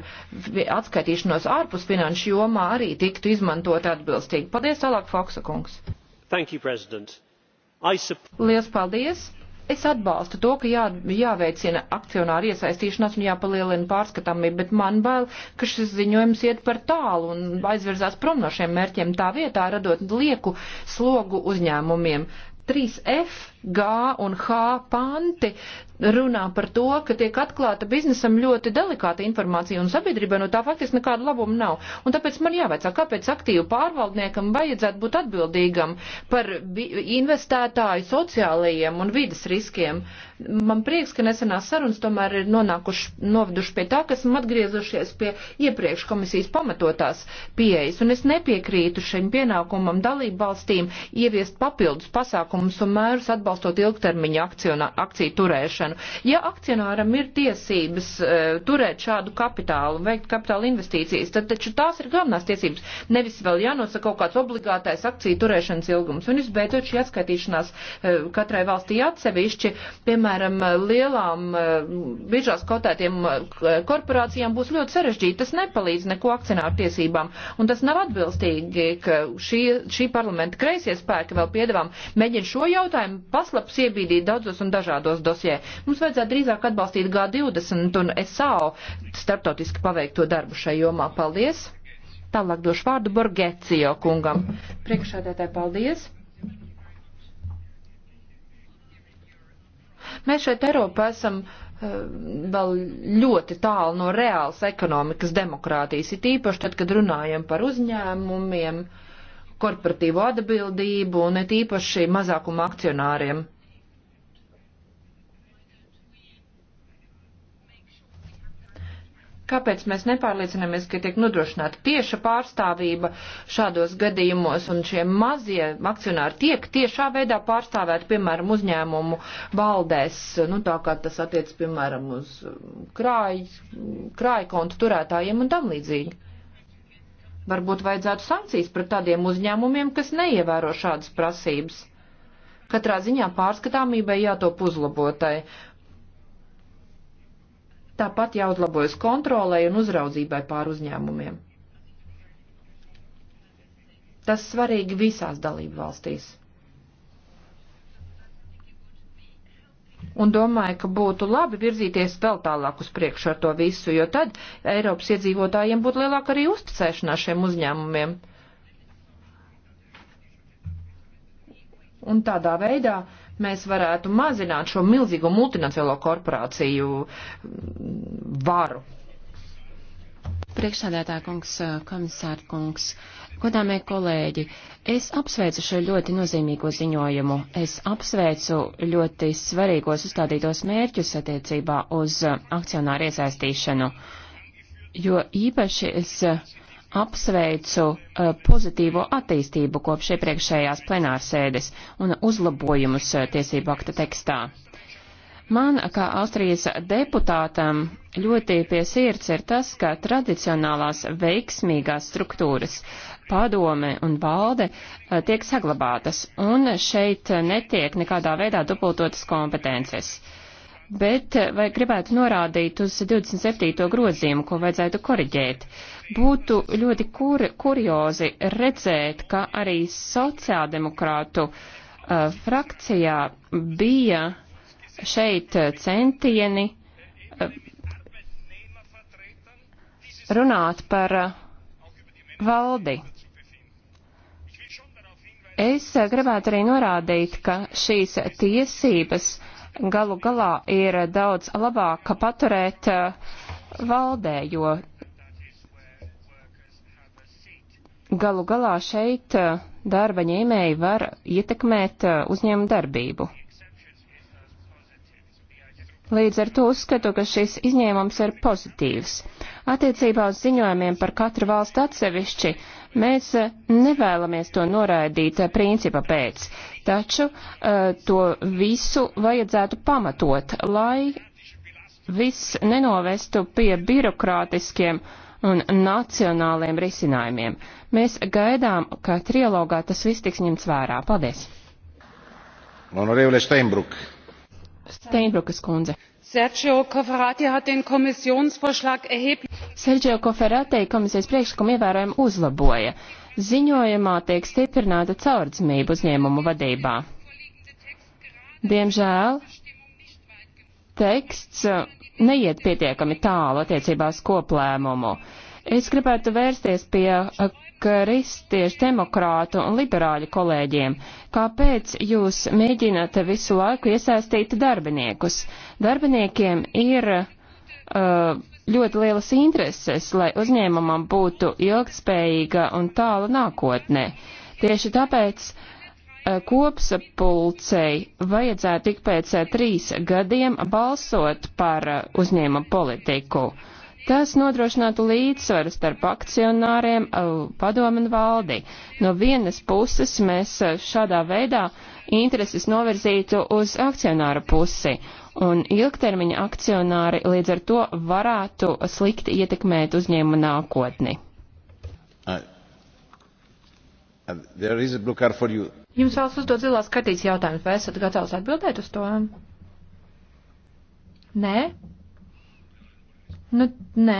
atskaitīšanos ārpus finanšu jomā arī tiktu izmantot atbilstīgi. Paldies tālāk, Foksa kungs. Thank you, President. I... Liels paldies! Es atbalstu to, ka jā, jāveicina akcionāri iesaistīšanās un jāpalielina pārskatāmība, bet man bail, ka šis ziņojums iet par tālu un aizvirzās prom no šiem mērķiem tā vietā, radot lieku slogu uzņēmumiem. 3F G un H panti runā par to, ka tiek atklāta biznesam ļoti delikāta informācija un sabiedrībai no tā faktiski nekāda labuma nav. Un tāpēc man jāvaicā, kāpēc aktīvu pārvaldniekam vajadzētu būt atbildīgam par investētāju sociālajiem un vidas riskiem. Man prieks, ka nesenās sarunas tomēr ir nonākuši, noveduši pie tā, ka esam atgriezušies pie iepriekš komisijas pamatotās pieejas. Un es nepiekrītu šim pienākumam dalību valstīm ieviest papildus pasākumus un mērus atbalstu atbalstot ilgtermiņa akciona, akciju turēšanu. Ja akcionāram ir tiesības uh, turēt šādu kapitālu, veikt kapitāla investīcijas, tad taču tās ir galvenās tiesības. Nevis vēl jānosaka kaut kāds obligātais akciju turēšanas ilgums. Un visbeidzot šī atskaitīšanās uh, katrai valstī atsevišķi, piemēram, lielām uh, biržās kotētiem korporācijām būs ļoti sarežģīti. Tas nepalīdz neko akcionāru tiesībām. Un tas nav atbilstīgi, ka šī, šī parlamenta kreisie spēki vēl piedevām mēģina šo jautājumu aslapus iebīdīt daudzos un dažādos dosjē. Mums vajadzētu drīzāk atbalstīt G20 un SAO starptautiski paveikto darbu šai jomā. Paldies! Tālāk došu vārdu Borgecijo kungam. Priekšādētāji, paldies! Mēs šeit Eiropā esam eh, vēl ļoti tālu no reāls ekonomikas demokrātijas, it īpaši tad, kad runājam par uzņēmumiem, uh, korporatīvo atbildību un it īpaši mazākuma akcionāriem. kāpēc mēs nepārliecinamies, ka tiek nodrošināta tieša pārstāvība šādos gadījumos un šie mazie akcionāri tiek tiešā veidā pārstāvēti, piemēram, uzņēmumu valdēs, nu tā kā tas attiec, piemēram, uz krāj, krājkontu turētājiem un tam līdzīgi. Varbūt vajadzētu sankcijas pret tādiem uzņēmumiem, kas neievēro šādas prasības. Katrā ziņā pārskatāmībai jātop uzlabotai. Tāpat jāuzlabojas kontrolē un uzraudzībai pār uzņēmumiem. Tas svarīgi visās dalību valstīs. un domāju, ka būtu labi virzīties vēl tālāk uz priekšu ar to visu, jo tad Eiropas iedzīvotājiem būtu lielāka arī uzticēšanās šiem uzņēmumiem. Un tādā veidā mēs varētu mazināt šo milzīgo multinacionālo korporāciju mm, varu. Priekšsādētā kungs, komisāra kungs. Uh, Godāmie kolēģi, es apsveicu šo ļoti nozīmīgo ziņojumu. Es apsveicu ļoti svarīgos uzstādītos mērķus attiecībā uz uh, akcionāru iesaistīšanu, jo īpaši es uh, apsveicu uh, pozitīvo attīstību kopš iepriekšējās plenārsēdes un uzlabojumus tiesību akta tekstā. Man, kā Austrijas deputātam, ļoti pie sirds ir tas, ka tradicionālās veiksmīgās struktūras padome un valde eh, tiek saglabātas, un šeit eh, netiek nekādā veidā dubultotas kompetences. Bet eh, vai gribētu norādīt uz 27. grozījumu, ko vajadzētu koriģēt? Būtu ļoti kur, kuriozi redzēt, ka arī sociāldemokrātu uh, frakcijā bija šeit centieni uh, runāt par uh, valdi. Es gribētu arī norādīt, ka šīs tiesības galu galā ir daudz labāk paturēt eh, valdē, jo galu galā šeit eh, darba ņēmēji var ietekmēt eh, uzņēmumu darbību. Līdz ar to uzskatu, ka šis izņēmums ir pozitīvs. Attiecībā uz ziņojumiem par katru valstu atsevišķi Mēs eh, nevēlamies to noraidīt eh, principa pēc, taču eh, to visu vajadzētu pamatot, lai viss nenovestu pie birokrātiskiem un nacionāliem risinājumiem. Mēs gaidām, ka trilogā tas viss tiks ņemts vērā. Paldies! Honorevole Steinbruk. Steinbrukas kundze sergio cofferati hat den kommissionsvorschlag erheblich. sergio cofferati komisijas priekšlikumu ievērojami uzlaboja. ziņojumā tiek stiprināta caurdzamība uzņēmumu vadībā. Diemžēl teksts uh, neiet pietiekami tālu attiecībās koplēmumu. Es gribētu vērsties pie uh, kristiešu demokrātu un liberāļu kolēģiem. Kāpēc jūs mēģināt visu laiku iesaistīt darbiniekus? Darbiniekiem ir uh, ļoti lielas intereses, lai uzņēmumam būtu ilgspējīga un tāla nākotnē. Tieši tāpēc uh, kopsapulcei vajadzētu tik pēc uh, trīs gadiem balsot par uh, uzņēmuma politiku. Uh, Tas nodrošinātu līdzsvaru starp akcionāriem, uh, padomu un valdi. No vienas puses mēs uh, šādā veidā intereses novirzītu uz akcionāru pusi, un ilgtermiņa akcionāri līdz ar to varētu slikti ietekmēt uzņēmumu nākotni. Jums vēl uzdot zilās kartītes jautājumus, vai esat gatavs atbildēt uz to? Nē? Nu, nē,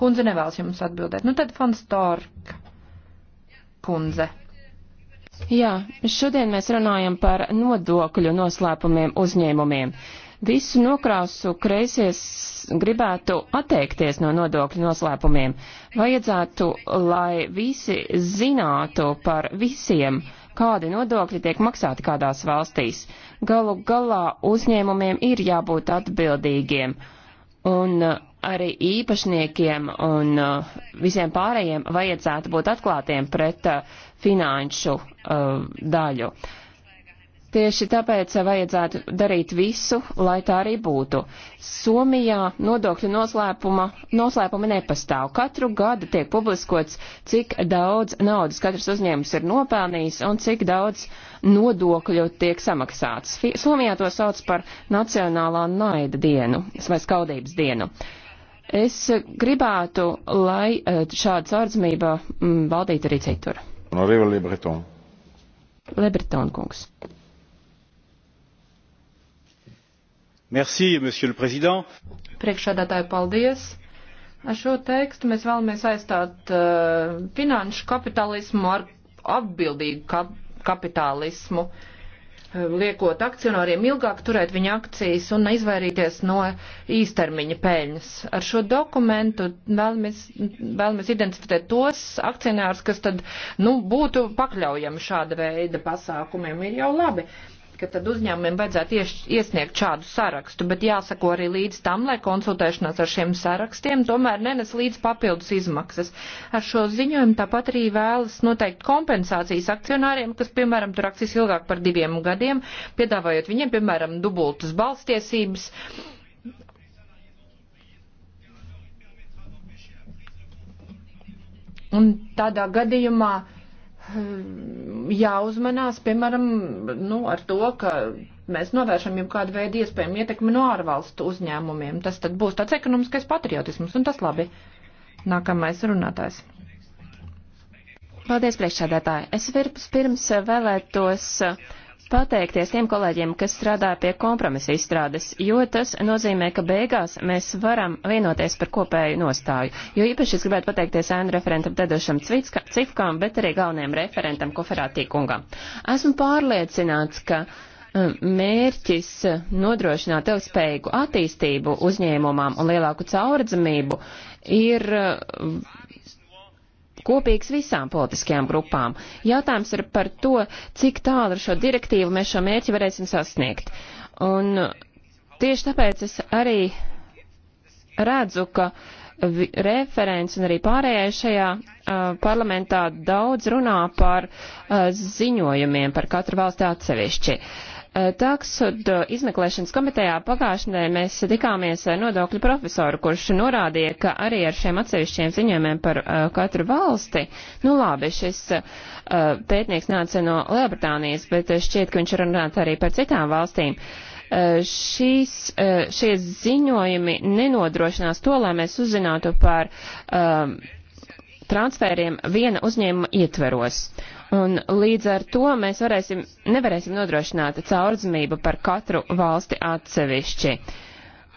kundze nevēlas jums atbildēt. Nu, tad Fons Torka kundze. Jā, šodien mēs runājam par nodokļu noslēpumiem uzņēmumiem. Visu nokrāsu kreisies gribētu atteikties no nodokļu noslēpumiem. Vajadzētu, lai visi zinātu par visiem, kādi nodokļi tiek maksāti kādās valstīs. Galu galā uzņēmumiem ir jābūt atbildīgiem. Un arī īpašniekiem un uh, visiem pārējiem vajadzētu būt atklātiem pret uh, finanšu uh, daļu. Tieši tāpēc vajadzētu darīt visu, lai tā arī būtu. Somijā nodokļu noslēpuma, noslēpuma nepastāv. Katru gadu tiek publiskots, cik daudz naudas katrs uzņēmums ir nopelnījis un cik daudz nodokļu tiek samaksāts. Somijā to sauc par Nacionālā naida dienu vai skaudības dienu. Uh, Es gribētu, lai eh, šāda caurdzamība mm, valdītu arī citur. Lebreton. Lebreton kungs. Merci, monsieur le président. Priekšādātāji, paldies. Ar šo tekstu mēs vēlamies aizstāt uh, finanšu kapitalismu ar atbildīgu kap kapitālismu. Uh, liekot akcionāriem ilgāk turēt viņa akcijas un izvairīties no īstermiņa peļņas. Ar šo dokumentu vēlamies, vēlamies identificēt tos akcionārus, kas tad, nu, būtu pakļaujami šāda veida pasākumiem. Ir jau labi, ka tad uzņēmumiem vajadzētu ieš, iesniegt šādu sarakstu, bet jāsako arī līdz tam, lai konsultēšanās ar šiem sarakstiem tomēr nenes līdz papildus izmaksas. Ar šo ziņojumu tāpat arī vēlas noteikt kompensācijas akcionāriem, kas, piemēram, tur akcijas ilgāk par diviem gadiem, piedāvājot viņiem, piemēram, dubultas balstiesības. Un tādā gadījumā Ehm, jāuzmanās, piemēram, nu, ar to, ka mēs novēršam jau kādu veidu iespējumu ietekmi no ārvalstu uzņēmumiem. Tas tad būs tāds ekonomiskais patriotisms, un tas labi. Nākamais runātājs. Paldies, priekšsēdētāji. Es virpus pirms vēlētos uh, pateikties tiem kolēģiem, kas strādāja pie kompromisa izstrādes, jo tas nozīmē, ka beigās mēs varam vienoties par kopēju nostāju. Jo īpaši es gribētu pateikties ēnu referentam Dedošam Cifkam, bet arī galvenajam referentam Koferātī kungam. Esmu pārliecināts, ka um, mērķis nodrošināt ilgspējīgu attīstību uzņēmumam un lielāku caurdzamību ir um, kopīgs visām politiskajām grupām. Jautājums ir par to, cik tālu ar šo direktīvu mēs šo mērķi varēsim sasniegt. Un tieši tāpēc es arī redzu, ka referents un arī pārējai šajā uh, parlamentā daudz runā par uh, ziņojumiem par katru valsti atsevišķi. Uh, Eh, Taksud eh, izmeklēšanas komitejā pagājušajā mēs tikāmies ar eh, nodokļu profesoru, kurš norādīja, ka arī ar šiem atsevišķiem ziņojumiem par uh, katru valsti, nu labi, šis uh, pētnieks nāca no Lielbritānijas, bet šķiet, ka viņš runāt arī par citām valstīm. Uh, šīs, šie ziņojumi nenodrošinās to, lai mēs uzzinātu par um, transfēriem viena uzņēmuma ietveros. Un līdz ar to mēs varēsim, nevarēsim nodrošināt caurdzamību par katru valsti atsevišķi.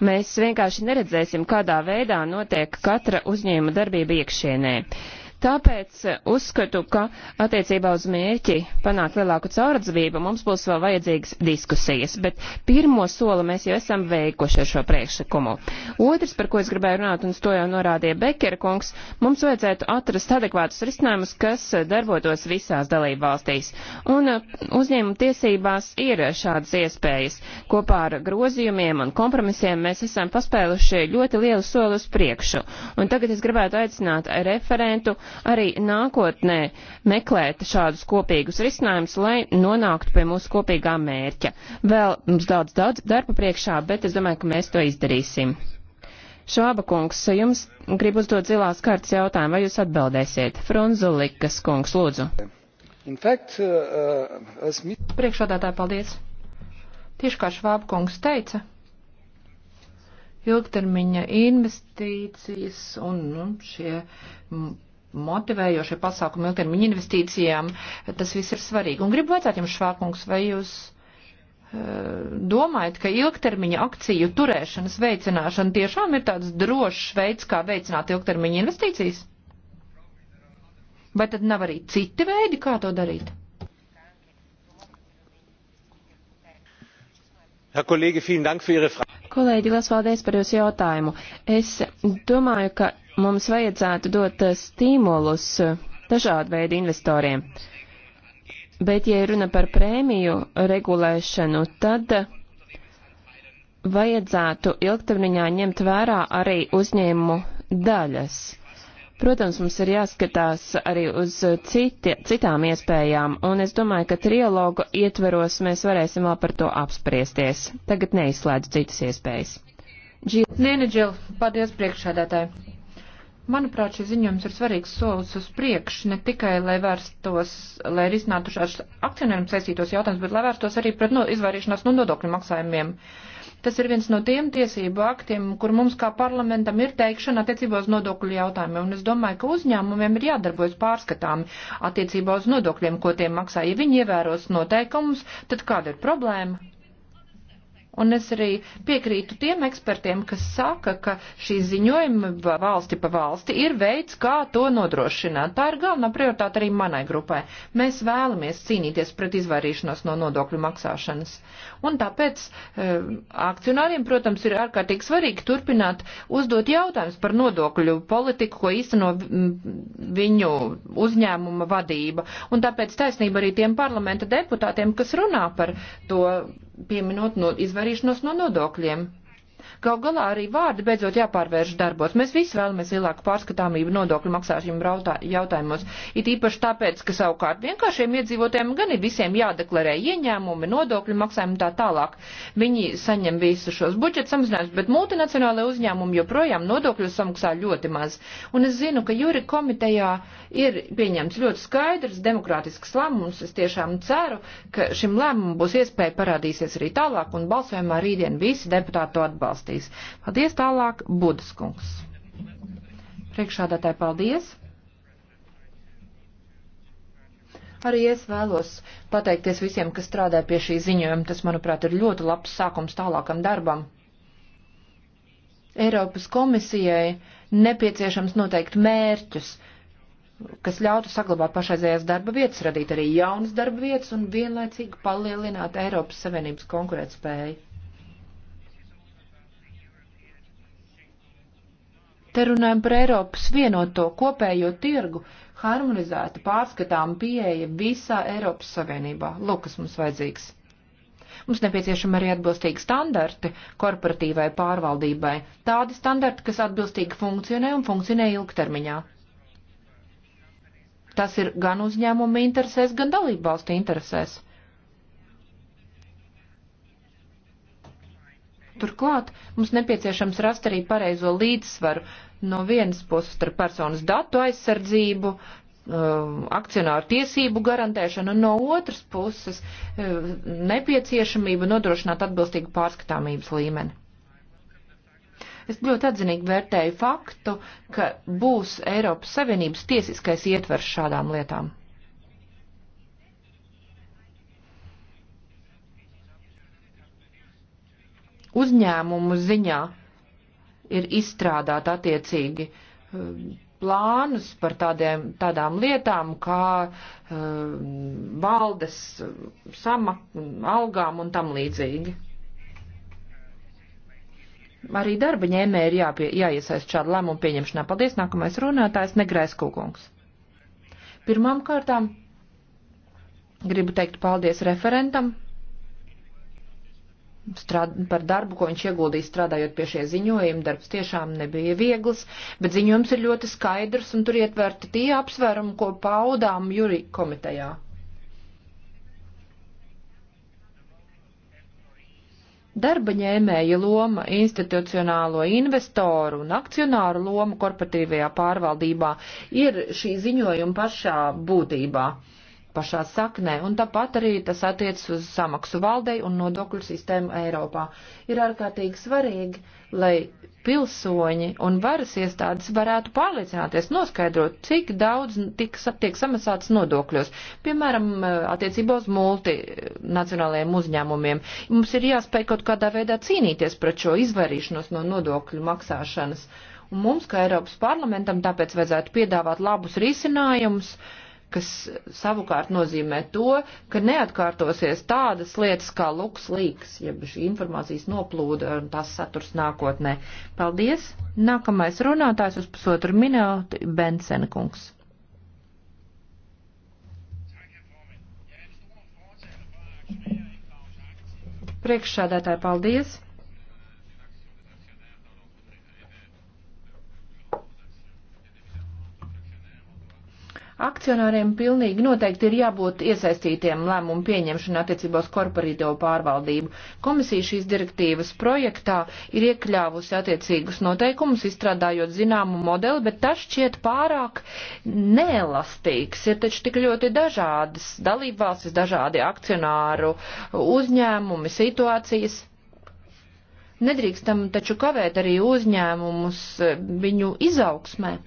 Mēs vienkārši neredzēsim, kādā veidā notiek katra uzņēmuma darbība iekšienē. Uh, Tāpēc uzskatu, ka attiecībā uz mērķi panākt lielāku caurredzvību mums būs vēl vajadzīgas diskusijas, bet pirmo soli mēs jau esam veikuši ar šo priekšlikumu. Otrs, par ko es gribēju runāt, un to jau norādīja Bekera kungs, mums vajadzētu atrast adekvātus risinājumus, kas darbotos visās dalību valstīs. Un uh, uzņēmuma tiesībās ir šādas iespējas. Kopā ar grozījumiem un kompromisiem mēs esam paspēluši ļoti lielu soli uz priekšu. Un tagad es gribētu aicināt referentu arī nākotnē meklēt šādus kopīgus risinājumus, lai nonāktu pie mūsu kopīgā mērķa. Vēl mums daudz, daudz darba priekšā, bet es domāju, ka mēs to izdarīsim. Šāba kungs, jums grib uzdot zilās kartas jautājumu, vai jūs atbildēsiet? Frunzulikas kungs, lūdzu. Fact, uh, uh as... Priekšādātāji, paldies. Tieši kā Švāba kungs teica, ilgtermiņa investīcijas un nu, šie motivējošie pasākumi ilgtermiņa investīcijām, tas viss ir svarīgi. Un gribu vajadzēt jums, Švākungs, vai jūs eh, domājat, ka ilgtermiņa akciju turēšanas veicināšana tiešām ir tāds drošs veids, kā veicināt ilgtermiņa investīcijas? Vai tad nav arī citi veidi, kā to darīt? Herr Kollege, vielen Dank für Ihre Frage. Kolēģi, liels paldies par jūsu jautājumu. Es domāju, ka mums vajadzētu dot stimulus dažādu veidu investoriem. Bet, ja runa par prēmiju regulēšanu, tad vajadzētu ilgtermiņā ņemt vērā arī uzņēmumu daļas. Protams, mums ir jāskatās arī uz citi, citām iespējām, un es domāju, ka trialogu ietveros mēs varēsim vēl par to apspriesties. Tagad neizslēdzu citas iespējas. Džil. Liena Džil, paldies priekšādātāji. Manuprāt, šis ziņojums ir svarīgs solis uz priekšu, ne tikai, lai vērstos, lai risinātu šāds akcionāriem saistītos jautājums, bet lai vērstos arī pret no, izvairīšanās no nodokļu maksājumiem. Uh, Tas ir viens no tiem tiesību aktiem, kur mums kā parlamentam ir teikšana attiecībā uz nodokļu jautājumiem. Un es domāju, ka uzņēmumiem ir jādarbojas pārskatāmi attiecībā uz nodokļiem, ko tie maksā. Ja viņi ievēros noteikumus, tad kāda ir problēma? Un es arī piekrītu tiem ekspertiem, kas saka, ka šī ziņojuma valsti pa valsti ir veids, kā to nodrošināt. Tā ir galvenā prioritāte arī manai grupai. Mēs vēlamies cīnīties pret izvairīšanos no nodokļu maksāšanas. Un tāpēc e, akcionāriem, protams, ir ārkārtīgi svarīgi turpināt uzdot jautājumus par nodokļu politiku, ko īsteno mm, viņu uzņēmuma vadība. Un tāpēc taisnība arī tiem parlamenta deputātiem, kas runā par to pieminot no, izvairīšanos no nodokļiem. Gal galā arī vārdi beidzot jāpārvērš darbos. Mēs visi vēlamies lielāku pārskatāmību nodokļu maksāšanu jautājumos. It īpaši tāpēc, ka savukārt vienkāršiem iedzīvotājiem gan ir visiem jādeklarē ieņēmumi, nodokļu maksājumi tā tālāk. Viņi saņem visu šos budžeta samazinājumus, bet multinacionālajie uzņēmumi joprojām nodokļus samaksā ļoti maz. Un es zinu, ka Juri komitejā ir pieņemts ļoti skaidrs demokrātisks lēmums. Es tiešām ceru, ka šim lēmumam būs iespēja parādīsies arī tālāk un balsojumā rītdien visi deputāti to atbalsta valstīs. Paldies tālāk, Budas kungs. Priekšādātāji, paldies! Arī es vēlos pateikties visiem, kas strādā pie šī ziņojuma. Tas, manuprāt, ir ļoti labs sākums tālākam darbam. Eiropas komisijai nepieciešams noteikt mērķus, kas ļautu saglabāt pašreizējās darba vietas, radīt arī jaunas darba vietas un vienlaicīgi palielināt Eiropas Savienības konkurētspēju. Te runājam par Eiropas vienoto kopējo tirgu, harmonizēta, pārskatāma pieeja visā Eiropas Savienībā. Lūk, kas mums vajadzīgs. Mums nepieciešama arī atbilstīga standarti korporatīvai pārvaldībai. Tādi standarti, kas atbilstīgi funkcionē un funkcionē ilgtermiņā. Tas ir gan uzņēmuma interesēs, gan dalībvalstu interesēs. Turklāt mums nepieciešams rast arī pareizo līdzsvaru no vienas puses starp personas datu aizsardzību, um, akcionāru tiesību garantēšanu un no otras puses um, nepieciešamību nodrošināt atbilstīgu pārskatāmības līmeni. Es ļoti atzinīgi vērtēju faktu, ka būs Eiropas Savienības tiesiskais ietvers šādām lietām. uzņēmumu ziņā ir izstrādāt attiecīgi eh, plānus par tādiem, tādām lietām, kā uh, valdes sama, algām un tam līdzīgi. Arī darba ņēmē ir jāpie, jāiesaist šādu lēmumu pieņemšanā. Paldies, nākamais runātājs Negrais Kukungs. Pirmām kārtām gribu teikt paldies referentam strād, par darbu, ko viņš ieguldīja strādājot pie šie ziņojumi. Darbs tiešām nebija viegls, bet ziņojums ir ļoti skaidrs un tur ietverti tie apsvērumi, ko paudām juri komitejā. Darba ņēmēja loma, institucionālo investoru un akcionāru loma korporatīvajā pārvaldībā ir šī ziņojuma pašā būtībā pašā saknē, un tāpat arī tas attiec uz samaksu valdei un nodokļu sistēmu Eiropā. Ir ārkārtīgi svarīgi, lai pilsoņi un varas iestādes varētu pārliecināties, noskaidrot, cik daudz tiek, tiek samaksāts nodokļos. Piemēram, eh, attiecībā uz multinacionālajiem uzņēmumiem. Mums ir jāspēj kaut kādā veidā cīnīties pret šo izvairīšanos no nodokļu maksāšanas. Un mums, kā Eiropas parlamentam, tāpēc vajadzētu piedāvāt labus risinājumus, uh, kas savukārt nozīmē to, ka neatkārtosies tādas lietas kā luks līks, jeb šī informācijas noplūda un tās saturs nākotnē. Paldies! Nākamais runātājs uz pusotru minūti - Bensenkungs. Priekšsādātāji, paldies! Akcionāriem pilnīgi noteikti ir jābūt iesaistītiem lēmumu pieņemšanu attiecībā uz korporatīvo pārvaldību. Komisija šīs direktīvas projektā ir iekļāvusi attiecīgus noteikumus, izstrādājot zināmu modeli, bet tas šķiet pārāk neelastīgs. Ir taču tik ļoti dažādas dalībvalstis, dažādi akcionāru uzņēmumi, situācijas. Nedrīkstam taču kavēt arī uzņēmumus viņu izaugsmē.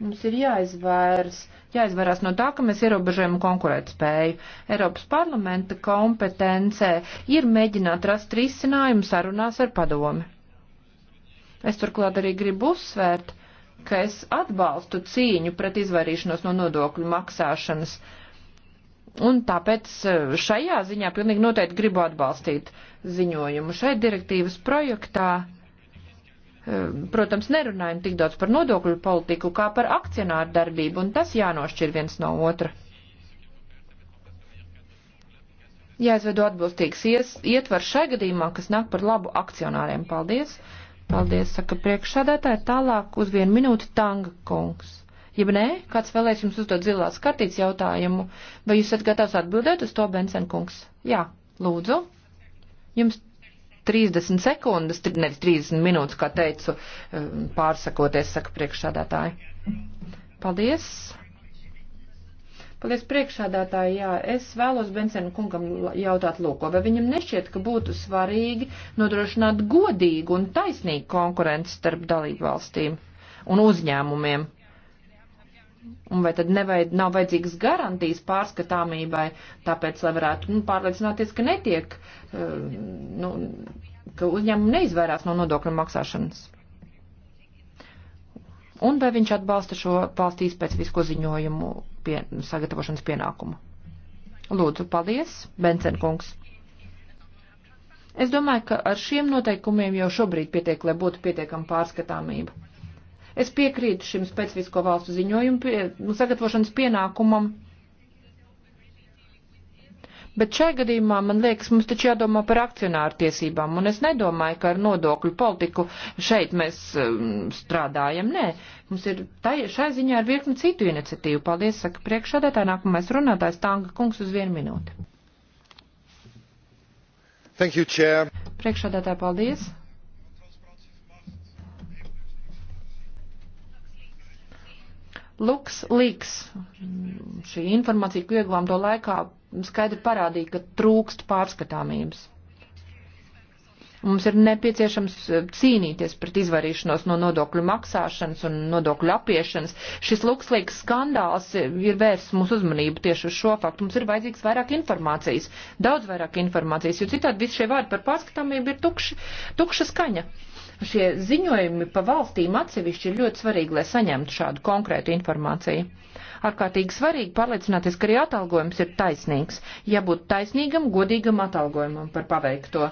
Mums ir jāizvairs, jāizvairās no tā, ka mēs ierobežojam konkurētspēju. Eiropas parlamenta kompetencē ir mēģināt rast risinājumu sarunās ar padomi. Es turklāt arī gribu uzsvērt, ka es atbalstu cīņu pret izvairīšanos no nodokļu maksāšanas. Un tāpēc eh, šajā ziņā pilnīgi noteikti gribu atbalstīt ziņojumu. Šai direktīvas projektā protams, nerunājam tik daudz par nodokļu politiku, kā par akcionāru darbību, un tas jānošķir viens no otra. Jāizvedo atbilstīgs ietvars šai gadījumā, kas nāk par labu akcionāriem. Paldies! Paldies, saka priekšsādātāji. Tālāk uz vienu minūti Tanga kungs. Jeb nē, kāds vēlēs jums uzdot zilās kartītes jautājumu, vai jūs esat gatavs atbildēt uz to, Bensen kungs? Jā, lūdzu. Jums 30 sekundes, nevis 30 minūtes, kā teicu, um, pārsakoties, saka priekšsādātāji. Paldies! Paldies priekšādātāji, jā, es vēlos Bensena kungam jautāt lūko, vai viņam nešķiet, ka būtu svarīgi nodrošināt godīgu un taisnīgu konkurenci starp dalību valstīm un uzņēmumiem? Un vai tad nevajad, nav vajadzīgas garantijas pārskatāmībai, tāpēc, lai varētu nu, pārliecināties, ka netiek, eh, nu, ka uzņēmumi neizvairās no nodokļu maksāšanas? Un vai viņš atbalsta šo valstīs pēc visko ziņojumu pie, sagatavošanas pienākumu? Lūdzu, paldies, Bencenkungs. Es domāju, ka ar šiem noteikumiem jau šobrīd pietiek, lai būtu pietiekama pārskatāmība Es piekrītu šim specifisko valstu ziņojumu pie, nu, sagatavošanas pienākumam. Bet šai gadījumā, man liekas, mums taču jādomā par akcionāru tiesībām, un es nedomāju, ka ar nodokļu politiku šeit mēs um, strādājam. Nē, mums ir tā, šai ziņā ir virkni citu iniciatīvu. Paldies, saka priekšādētāji, nākamais runātājs Tanga kungs uz vienu minūti. Thank you, Chair. Priekšādētāji, paldies. Mm. Luks Līks, šī informācija, ko ieglām to laikā, skaidri parādīja, ka trūkst pārskatāmības. Mums ir nepieciešams e, cīnīties pret izvairīšanos no nodokļu maksāšanas un nodokļu apiešanas. Šis lukslīgs skandāls e, ir vērsts mūsu uzmanību tieši uz šo faktu. Mums ir vajadzīgs vairāk informācijas, daudz vairāk informācijas, jo citādi visi šie vārdi par pārskatāmību ir tukši, tukša skaņa šie ziņojumi pa valstīm atsevišķi ir ļoti svarīgi, lai saņemtu šādu konkrētu informāciju. Ārkārtīgi svarīgi pārliecināties, ka arī atalgojums ir taisnīgs, jābūt taisnīgam, godīgam atalgojumam par paveikto.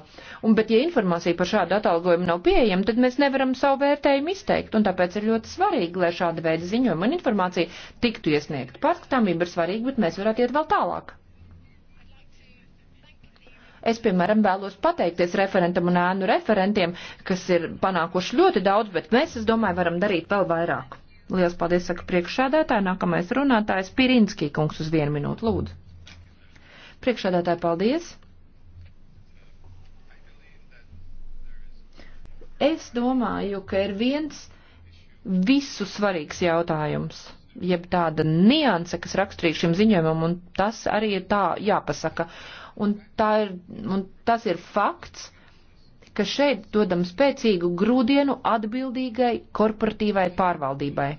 Un, bet, ja informācija par šādu atalgojumu nav pieejama, tad mēs nevaram savu vērtējumu izteikt, un tāpēc ir ļoti svarīgi, lai šāda veida ziņojuma un informācija tiktu iesniegt. Pārskatāmība ir svarīga, bet mēs varētu iet vēl tālāk. Es, piemēram, vēlos pateikties referentam un ēnu referentiem, kas ir panākuši ļoti daudz, bet mēs, es domāju, varam darīt vēl vairāk. Lielas paldies, saka priekšsēdētāja. Nākamais runātājs Pirinskī kungs uz vienu minūtu lūdzu. Priekšsēdētāja, paldies. Es domāju, ka ir viens visu svarīgs jautājums jeb tāda nianse, kas raksturīga šim ziņojumam, un tas arī ir tā jāpasaka un, ir, un tas ir fakts, ka šeit dodam spēcīgu grūdienu atbildīgai korporatīvai pārvaldībai.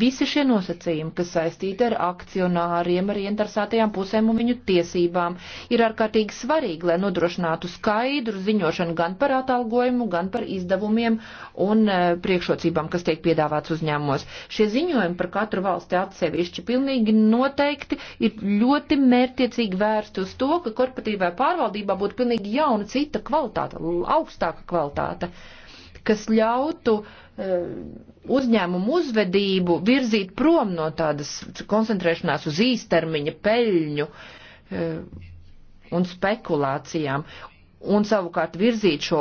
Visi šie nosacījumi, kas saistīti ar akcionāriem, ar interesētajām pusēm un viņu tiesībām, ir ārkārtīgi svarīgi, lai nodrošinātu skaidru ziņošanu gan par atalgojumu, gan par izdevumiem un e, priekšrocībām, kas tiek piedāvāts uzņēmumos. Šie ziņojumi par katru valsti atsevišķi pilnīgi noteikti ir ļoti mērtiecīgi vērsti uz to, ka korporatīvā pārvaldībā būtu pilnīgi jauna cita kvalitāte, augstāka kvalitāte kas ļautu e, uzņēmumu uzvedību virzīt prom no tādas koncentrēšanās uz īstermiņa peļņu e, un spekulācijām un savukārt virzīt šo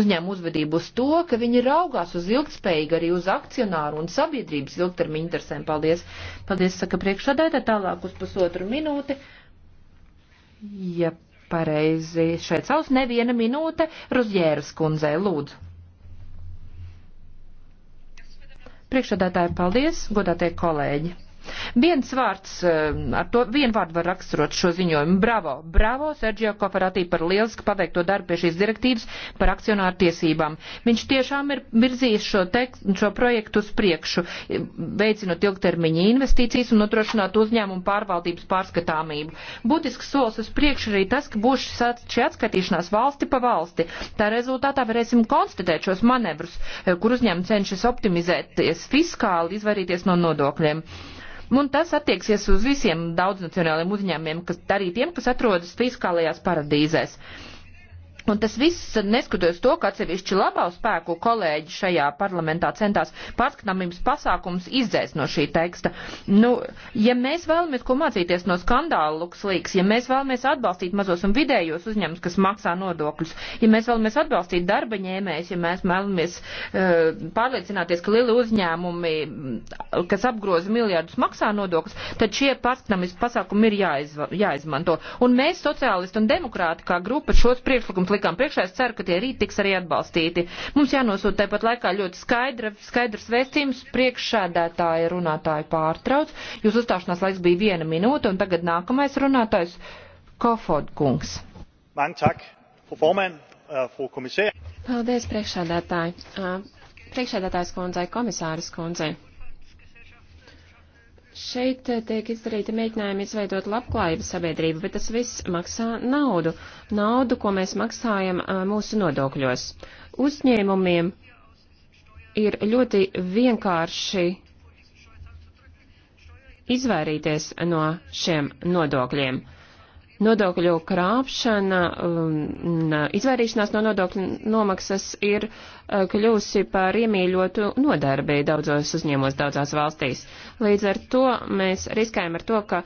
uzņēmu uzvedību uz to, ka viņi raugās uz ilgspējīgi arī uz akcionāru un sabiedrības ilgtermiņa interesēm. Paldies, paldies, saka priekšsādētā tālāk uz pusotru minūti. Ja pareizi šeit savs neviena minūte, Rozjēras kundzei lūdzu. Priekšsādātāji, paldies, godātie kolēģi! Viens vārds, eh, ar to vienu vārdu var raksturot šo ziņojumu. Bravo! Bravo Sergio Koferatī par lielisku paveikto darbu pie šīs direktīvas par akcionāru tiesībām. Viņš tiešām ir virzījis šo, tekst, šo projektu uz priekšu, veicinot ilgtermiņa investīcijas un notrošināt uzņēmumu pārvaldības pārskatāmību. Būtisks solis uz priekšu arī tas, ka būs šī atskaitīšanās valsti pa valsti. Tā rezultātā varēsim konstatēt šos manevrus, eh, kur uzņēmumi cenšas optimizēties fiskāli, izvairīties no nodokļiem. Un tas attieksies uz visiem daudznacionāliem uzņēmumiem, kas arī tiem, kas atrodas fiskālajās paradīzēs. Uh, Un tas viss, neskatoties to, ka atsevišķi labā spēku kolēģi šajā parlamentā centās pārskatāmības pasākums izdzēst no šī teksta. Nu, ja mēs vēlamies ko mācīties no skandāla lukslīgs, ja mēs vēlamies atbalstīt mazos un vidējos uzņēmums, kas maksā nodokļus, ja mēs vēlamies atbalstīt darba ņēmējs, ja mēs vēlamies uh, pārliecināties, ka lieli uzņēmumi, mm, kas apgroza miljārdus, maksā nodokļus, tad šie pārskatāmības pasākumi ir jāizva, jāizmanto. Un mēs, sociālisti un demokrāti, kā grupa šos priekšlikumus likām priekšā. Es ceru, ka tie rīt tiks arī atbalstīti. Mums jānosūta tāpat laikā ļoti skaidra, skaidrs vēstījums. Priekšsēdētāja runātāja pārtrauc. Jūs uzstāšanās laiks bija viena minūte, un tagad nākamais runātājs Kofod kungs. Man, tak, formand, äh, fru komisē. Paldies, priekšsēdētāji. Äh, priekšsēdētājs kundzei, komisāras kundzei. Šeit eh, tiek izdarīti mēģinājumi izveidot labklājības sabiedrību, bet tas viss maksā naudu. Naudu, ko mēs maksājam eh, mūsu nodokļos. Uzņēmumiem ir ļoti vienkārši izvairīties no šiem nodokļiem. Nodokļu krāpšana un um, izvairīšanās no nodokļu nomaksas ir Eh, kļūsi par iemīļotu nodarbi daudzos uzņēmos daudzās valstīs. Līdz ar to mēs riskējam ar to, ka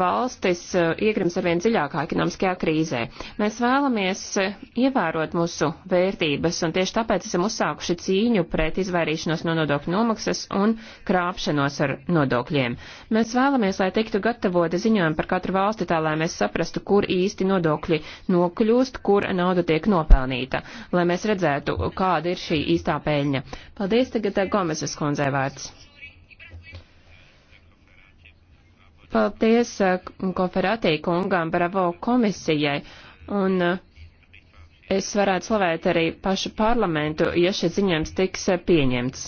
valstis eh, iegrims arvien dziļākā ekonomiskajā krīzē. Mēs vēlamies eh, ievērot mūsu vērtības un tieši tāpēc esam uzsākuši cīņu pret izvairīšanos no nodokļu nomaksas un krāpšanos ar nodokļiem. Mēs vēlamies, lai tiktu gatavota ziņojumi par katru valsti tā, lai mēs saprastu, kur īsti nodokļi nokļūst, kur nauda tiek nopelnīta, lai mēs redzētu, kāda ir ir šī īstā peļņa. Paldies tagad eh, Gomesas kundzei vārds. Paldies eh, konferātī kungām, bravo komisijai. Un eh, es varētu slavēt arī pašu parlamentu, ja šis ziņojums tiks pieņemts.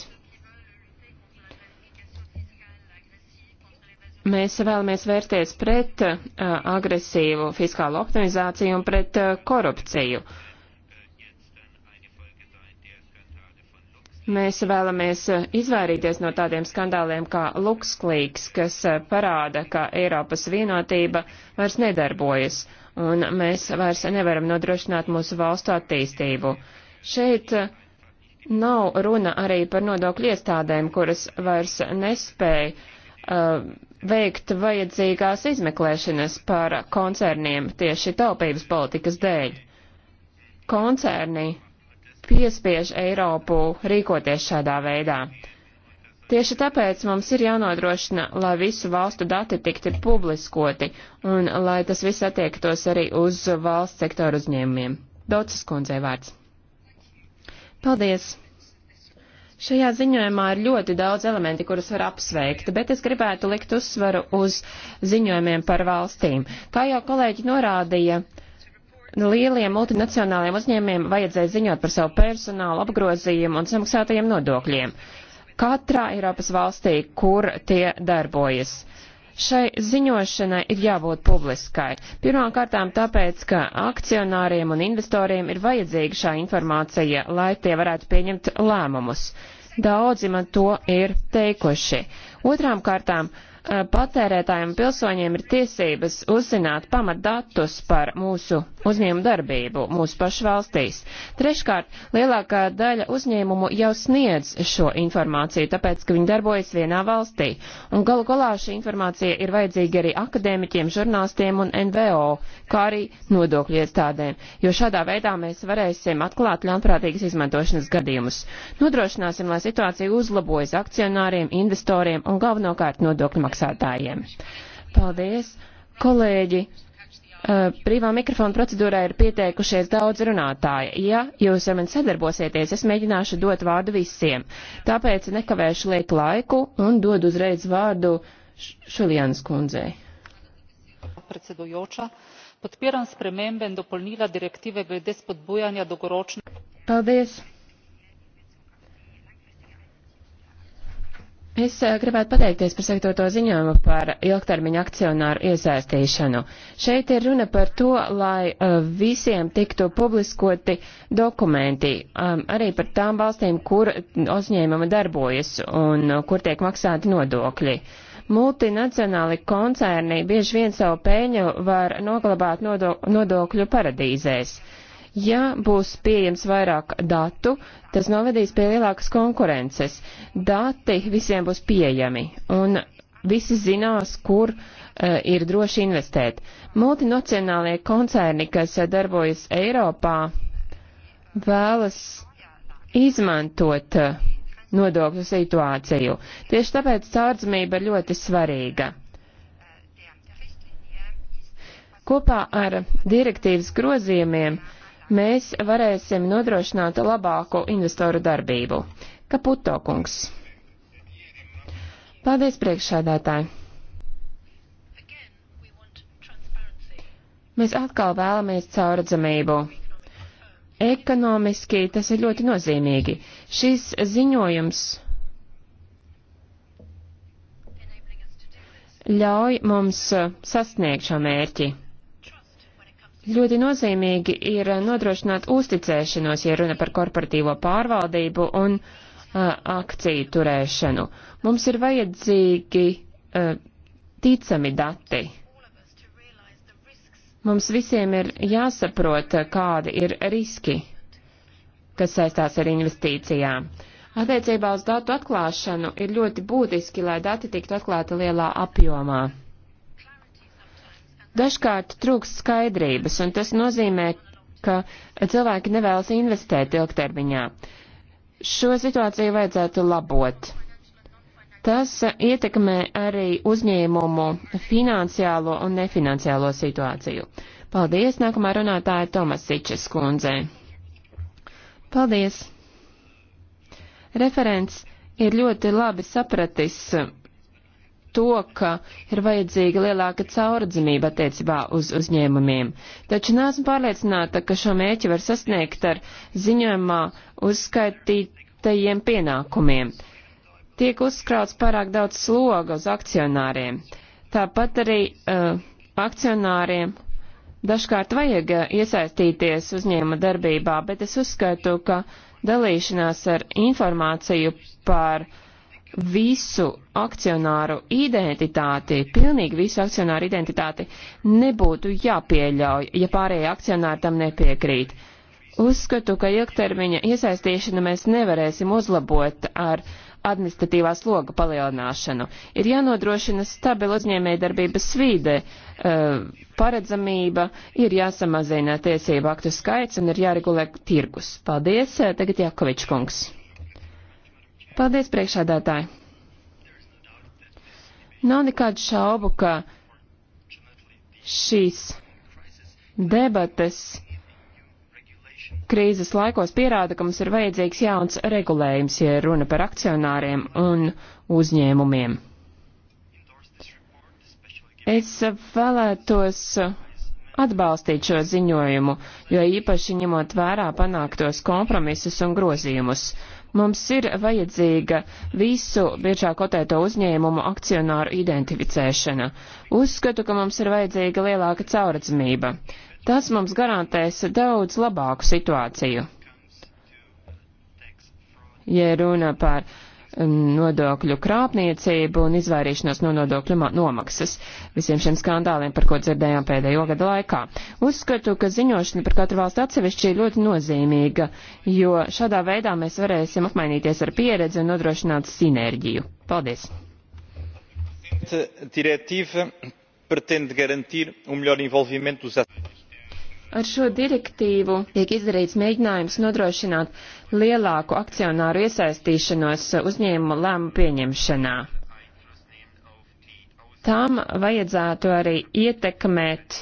Mēs vēlamies vērsties pret agresīvu fiskālu optimizāciju un pret korupciju. Uh, Mēs vēlamies eh, izvairīties no tādiem skandāliem kā LuxLeaks, kas eh, parāda, ka Eiropas vienotība vairs nedarbojas un mēs vairs nevaram nodrošināt mūsu valstu attīstību. Šeit eh, nav runa arī par nodokļu iestādēm, kuras vairs nespēja uh, veikt vajadzīgās izmeklēšanas par koncerniem tieši taupības politikas dēļ. Koncerni piespiež Eiropu rīkoties šādā veidā. Tieši tāpēc mums ir jānodrošina, lai visu valstu dati tiktu publiskoti un lai tas viss attiektos arī uz valsts sektoru uzņēmumiem. Daudzas kundzei vārds. Paldies! Šajā ziņojumā ir ļoti daudz elementi, kurus var apsveikt, bet es gribētu likt uzsvaru uz ziņojumiem par valstīm. Kā jau kolēģi norādīja, uh, lieliem multinacionāliem uzņēmiem vajadzēja ziņot par savu personālu apgrozījumu un samaksātajiem nodokļiem. Katrā Eiropas valstī, kur tie darbojas. Šai ziņošanai ir jābūt publiskai. Pirmkārtām tāpēc, ka akcionāriem un investoriem ir vajadzīga šā informācija, lai tie varētu pieņemt lēmumus. Daudzi man to ir teikuši. Otrām kārtām, uh, Eh, patērētājiem un pilsoņiem ir tiesības uzzināt pamatdatus par mūsu uzņēmumu darbību mūsu pašu valstīs. Treškārt, lielākā daļa uzņēmumu jau sniedz šo informāciju, tāpēc, ka viņi darbojas vienā valstī. Un galu galā šī informācija ir vajadzīga arī akadēmiķiem, žurnālistiem un NVO, kā arī nodokļu iestādēm, jo šādā veidā mēs varēsim atklāt ļaunprātīgas izmantošanas gadījumus. Nodrošināsim, lai situācija uzlabojas akcionāriem, investoriem un galvenokārt nodokļu maksājumiem maksātājiem. Paldies, kolēģi! Eh, brīvā mikrofona procedūrā ir pieteikušies daudz runātāji. Ja jūs ar mani sadarbosieties, es mēģināšu dot vārdu visiem. Tāpēc nekavēšu liek laiku un dodu uzreiz vārdu Šuljānas kundzei. Paldies! Es eh, gribētu pateikties par sektoto ziņojumu par ilgtermiņa akcionāru iesaistīšanu. Šeit ir runa par to, lai eh, visiem tiktu publiskoti dokumenti, um, arī par tām valstīm, kur uzņēmuma darbojas un eh, kur tiek maksāti nodokļi. Multinacionāli koncerni bieži vien savu peļņu var noglabāt nodokļu paradīzēs. Ja būs pieejams vairāk datu, tas novedīs pie lielākas konkurences. Dati visiem būs pieejami un visi zinās, kur uh, ir droši investēt. Multinacionālie koncerni, kas darbojas Eiropā, vēlas izmantot eh, nodokļu situāciju. Tieši tāpēc caurdzamība ir ļoti svarīga. Kopā ar direktīvas grozījumiem mēs varēsim nodrošināt labāku investoru darbību. Kaputo kungs. Paldies priekšsēdētāji. Mēs atkal vēlamies cauradzamību. Ekonomiski tas ir ļoti nozīmīgi. Šis ziņojums ļauj mums sasniegt šo mērķi. Ļoti nozīmīgi ir uh, nodrošināt uzticēšanos, ja runa par korporatīvo pārvaldību un uh, akciju turēšanu. Mums ir vajadzīgi uh, ticami dati. Mums visiem ir jāsaprot, uh, kādi ir riski, kas saistās ar investīcijām. Attiecībā uz datu atklāšanu ir ļoti būtiski, lai dati tiktu atklāti lielā apjomā. Dažkārt trūks skaidrības, un tas nozīmē, ka cilvēki nevēlas investēt ilgtermiņā. Šo situāciju vajadzētu labot. Tas ietekmē arī uzņēmumu finansiālo un nefinanciālo situāciju. Paldies, nākamā runātāja Tomas Sičes kundze. Paldies! Referents ir ļoti labi sapratis to, ka ir vajadzīga lielāka cauradzamība attiecībā uz uzņēmumiem, taču neesmu pārliecināta, ka šo mērķi var sasniegt ar ziņojumā uzskaitītajiem pienākumiem. Tiek uzkrauts pārāk daudz sloga uz akcionāriem. Tāpat arī uh, akcionāriem dažkārt vajag uh, iesaistīties uzņēma darbībā, bet es uzskaitu, ka dalīšanās ar informāciju par uh, visu akcionāru identitāti, pilnīgi visu akcionāru identitāti nebūtu jāpieļauj, ja pārējie akcionāri tam nepiekrīt. Uzskatu, ka ilgtermiņa iesaistīšanu mēs nevarēsim uzlabot ar administratīvā sloga palielināšanu. Ir jānodrošina stabila uzņēmējdarbības vīde, eh, paredzamība, ir jāsamazina tiesību aktu skaits un ir jāregulē tirgus. Paldies, eh, tagad Jakovičs kungs. Paldies, priekšādātāji! Nav nekādu šaubu, ka šīs debates krīzes laikos pierāda, ka mums ir vajadzīgs jauns regulējums, ja runa par akcionāriem un uzņēmumiem. Es vēlētos atbalstīt šo ziņojumu, jo īpaši ņemot vērā panāktos kompromisus un grozījumus. Mums ir vajadzīga visu biežāk kotēto uzņēmumu akcionāru identificēšana. Uzskatu, ka mums ir vajadzīga lielāka cauradzamība. Tas mums garantēs daudz labāku situāciju. Ja runa par uh, nodokļu krāpniecību un izvairīšanos no nodokļu nomaksas visiem šiem skandāliem, par ko dzirdējām pēdējo gadu laikā. Uzskatu, ka ziņošana par katru valstu atsevišķi ir ļoti nozīmīga, jo šādā veidā mēs varēsim apmainīties ar pieredzi un nodrošināt sinerģiju. Paldies! Diretīva pretende garantir o melhor envolvimento dos atores. Ar šo direktīvu tiek izdarīts mēģinājums nodrošināt lielāku akcionāru iesaistīšanos uzņēmumu lēmu pieņemšanā. Tām vajadzētu arī ietekmēt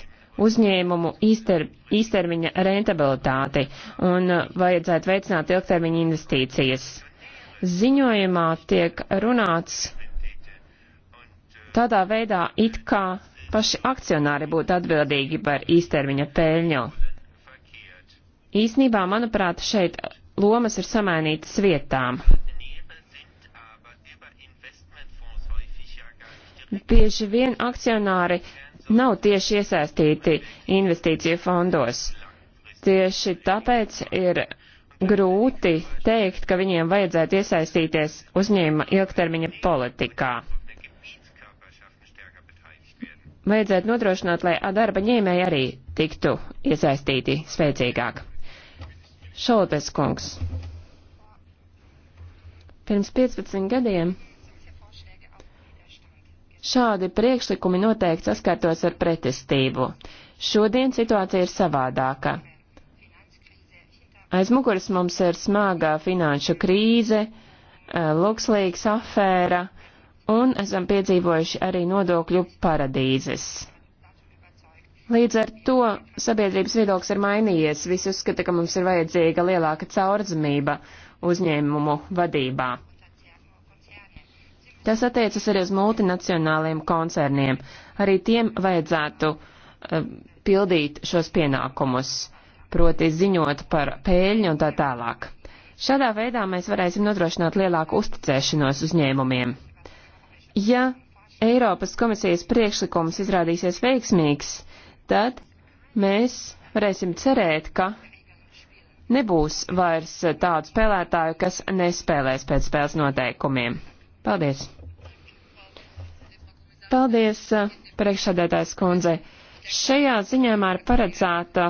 uzņēmumu īster, īstermiņa rentabilitāti un vajadzētu veicināt ilgtermiņa investīcijas. Ziņojumā tiek runāts tādā veidā, it kā paši akcionāri būtu atbildīgi par īstermiņa peļņu. Īsnībā, manuprāt, šeit lomas ir samainītas vietām. Bieži vien akcionāri nav tieši iesaistīti investīciju fondos. Tieši tāpēc ir grūti teikt, ka viņiem vajadzētu iesaistīties uzņēma ilgtermiņa politikā vajadzētu nodrošināt, lai darba ņēmēji arī tiktu iesaistīti spēcīgāk. Šoltes kungs. Pirms 15 gadiem šādi priekšlikumi noteikti saskārtos ar pretestību. Šodien situācija ir savādāka. Aiz muguras mums ir smagā finanšu krīze, eh, lukslīgs afēra, un esam piedzīvojuši arī nodokļu paradīzes. Līdz ar to sabiedrības viedoklis ir mainījies. Visi uzskata, ka mums ir vajadzīga lielāka caurdzamība uzņēmumu vadībā. Tas attiecas arī uz multinacionāliem koncerniem. Arī tiem vajadzētu uh, pildīt šos pienākumus, proti ziņot par pēļņu un tā tālāk. Šādā veidā mēs varēsim nodrošināt lielāku uzticēšanos uzņēmumiem. Ja Eiropas komisijas priekšlikums izrādīsies veiksmīgs, tad mēs varēsim cerēt, ka nebūs vairs tādu spēlētāju, kas nespēlēs pēc spēles noteikumiem. Paldies! Paldies, eh, priekšsādētājs kundzei! Šajā ziņojumā ir paredzēta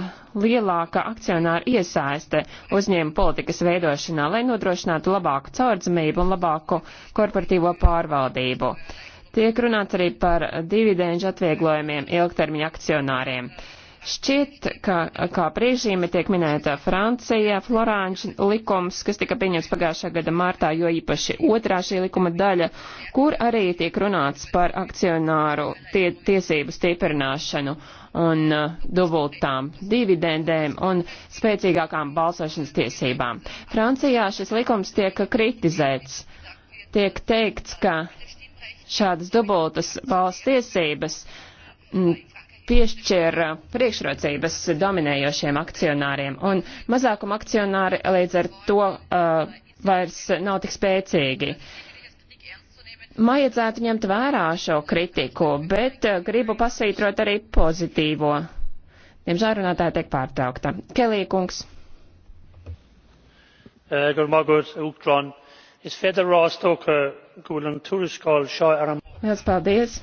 lielāka akcionāra iesaiste uzņēmuma politikas veidošanā, lai nodrošinātu labāku caurdzamību un labāku korporatīvo pārvaldību. Tiek runāts arī par dividēņu atvieglojumiem ilgtermiņa akcionāriem. Uh, Šķiet, ka kā priežīme tiek minēta Francija, Florāņš likums, kas tika pieņemts pagājušā gada martā, jo īpaši otrā šī likuma daļa, kur arī tiek runāts par akcionāru tie, tiesību stiprināšanu un uh, dubultām dividendēm un spēcīgākām balsošanas tiesībām. Francijā šis likums tiek kritizēts. Tiek teikts, ka šādas dubultas valsts tiesības m, piešķir priekšrocības dominējošiem akcionāriem, un mazākuma akcionāri līdz ar to uh, vairs nav tik spēcīgi. Vajadzētu ņemt vērā šo kritiku, bet uh, gribu pasvītrot arī pozitīvo. Diemžēl runātāja tiek pārtraukta. Kelī kungs. Uh, Liels paldies!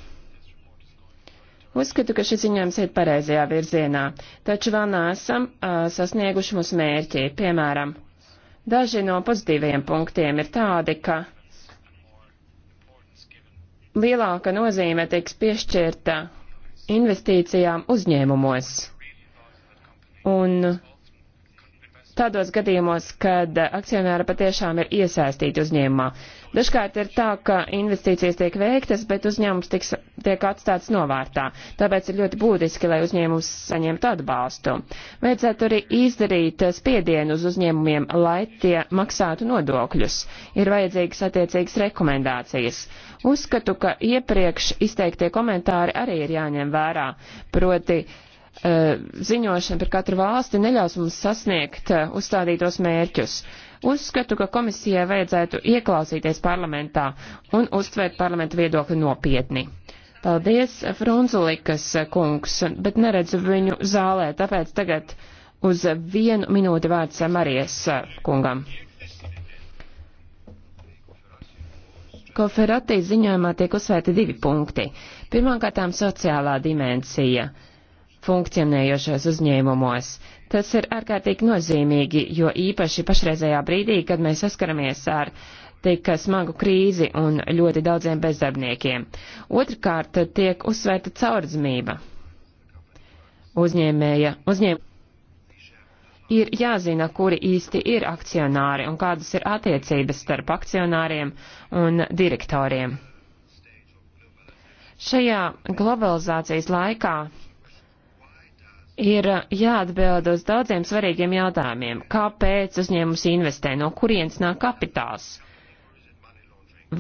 Uzskatu, ka šis ziņojums iet pareizajā virzienā, taču vēl neesam uh, sasnieguši mūsu mērķi. Piemēram, daži no pozitīvajiem punktiem ir tādi, ka lielāka nozīme tiks piešķirta investīcijām uzņēmumos. Un tādos gadījumos, kad akcionāri patiešām ir iesaistīti uzņēmumā. Dažkārt ir tā, ka investīcijas tiek veiktas, bet uzņēmums tiks, tiek atstāts novārtā. Tāpēc ir ļoti būtiski, lai uzņēmums saņemtu atbalstu. Vajadzētu arī izdarīt spiedienu uz uzņēmumiem, lai tie maksātu nodokļus. Ir vajadzīgas attiecīgas rekomendācijas. Uzskatu, ka iepriekš izteiktie komentāri arī ir jāņem vērā. Proti, eh, ziņošana par katru valsti neļaus mums sasniegt eh, uzstādītos mērķus. Uzskatu, ka komisijai vajadzētu ieklausīties parlamentā un uztvērt parlamentu viedokli nopietni. Paldies, Frunzulikas kungs, bet neredzu viņu zālē, tāpēc tagad uz vienu minūti vārds Marijas kungam. Koferatī ziņojumā tiek uzsvērti divi punkti. Pirmkārtām sociālā dimensija. Uh, funkcionējošos uzņēmumos. Tas ir ārkārtīgi nozīmīgi, jo īpaši pašreizējā brīdī, kad mēs saskaramies ar tik smagu krīzi un ļoti daudziem bezdarbniekiem. Otrkārt, tiek uzsvērta caurdzmība. Uzņēmēja, uzņēm... Ir jāzina, kuri īsti ir akcionāri un kādas ir attiecības starp akcionāriem un direktoriem. Šajā globalizācijas laikā ir jāatbild uz daudziem svarīgiem jautājumiem. Kāpēc uzņēmums investē? No kurienes nāk kapitāls?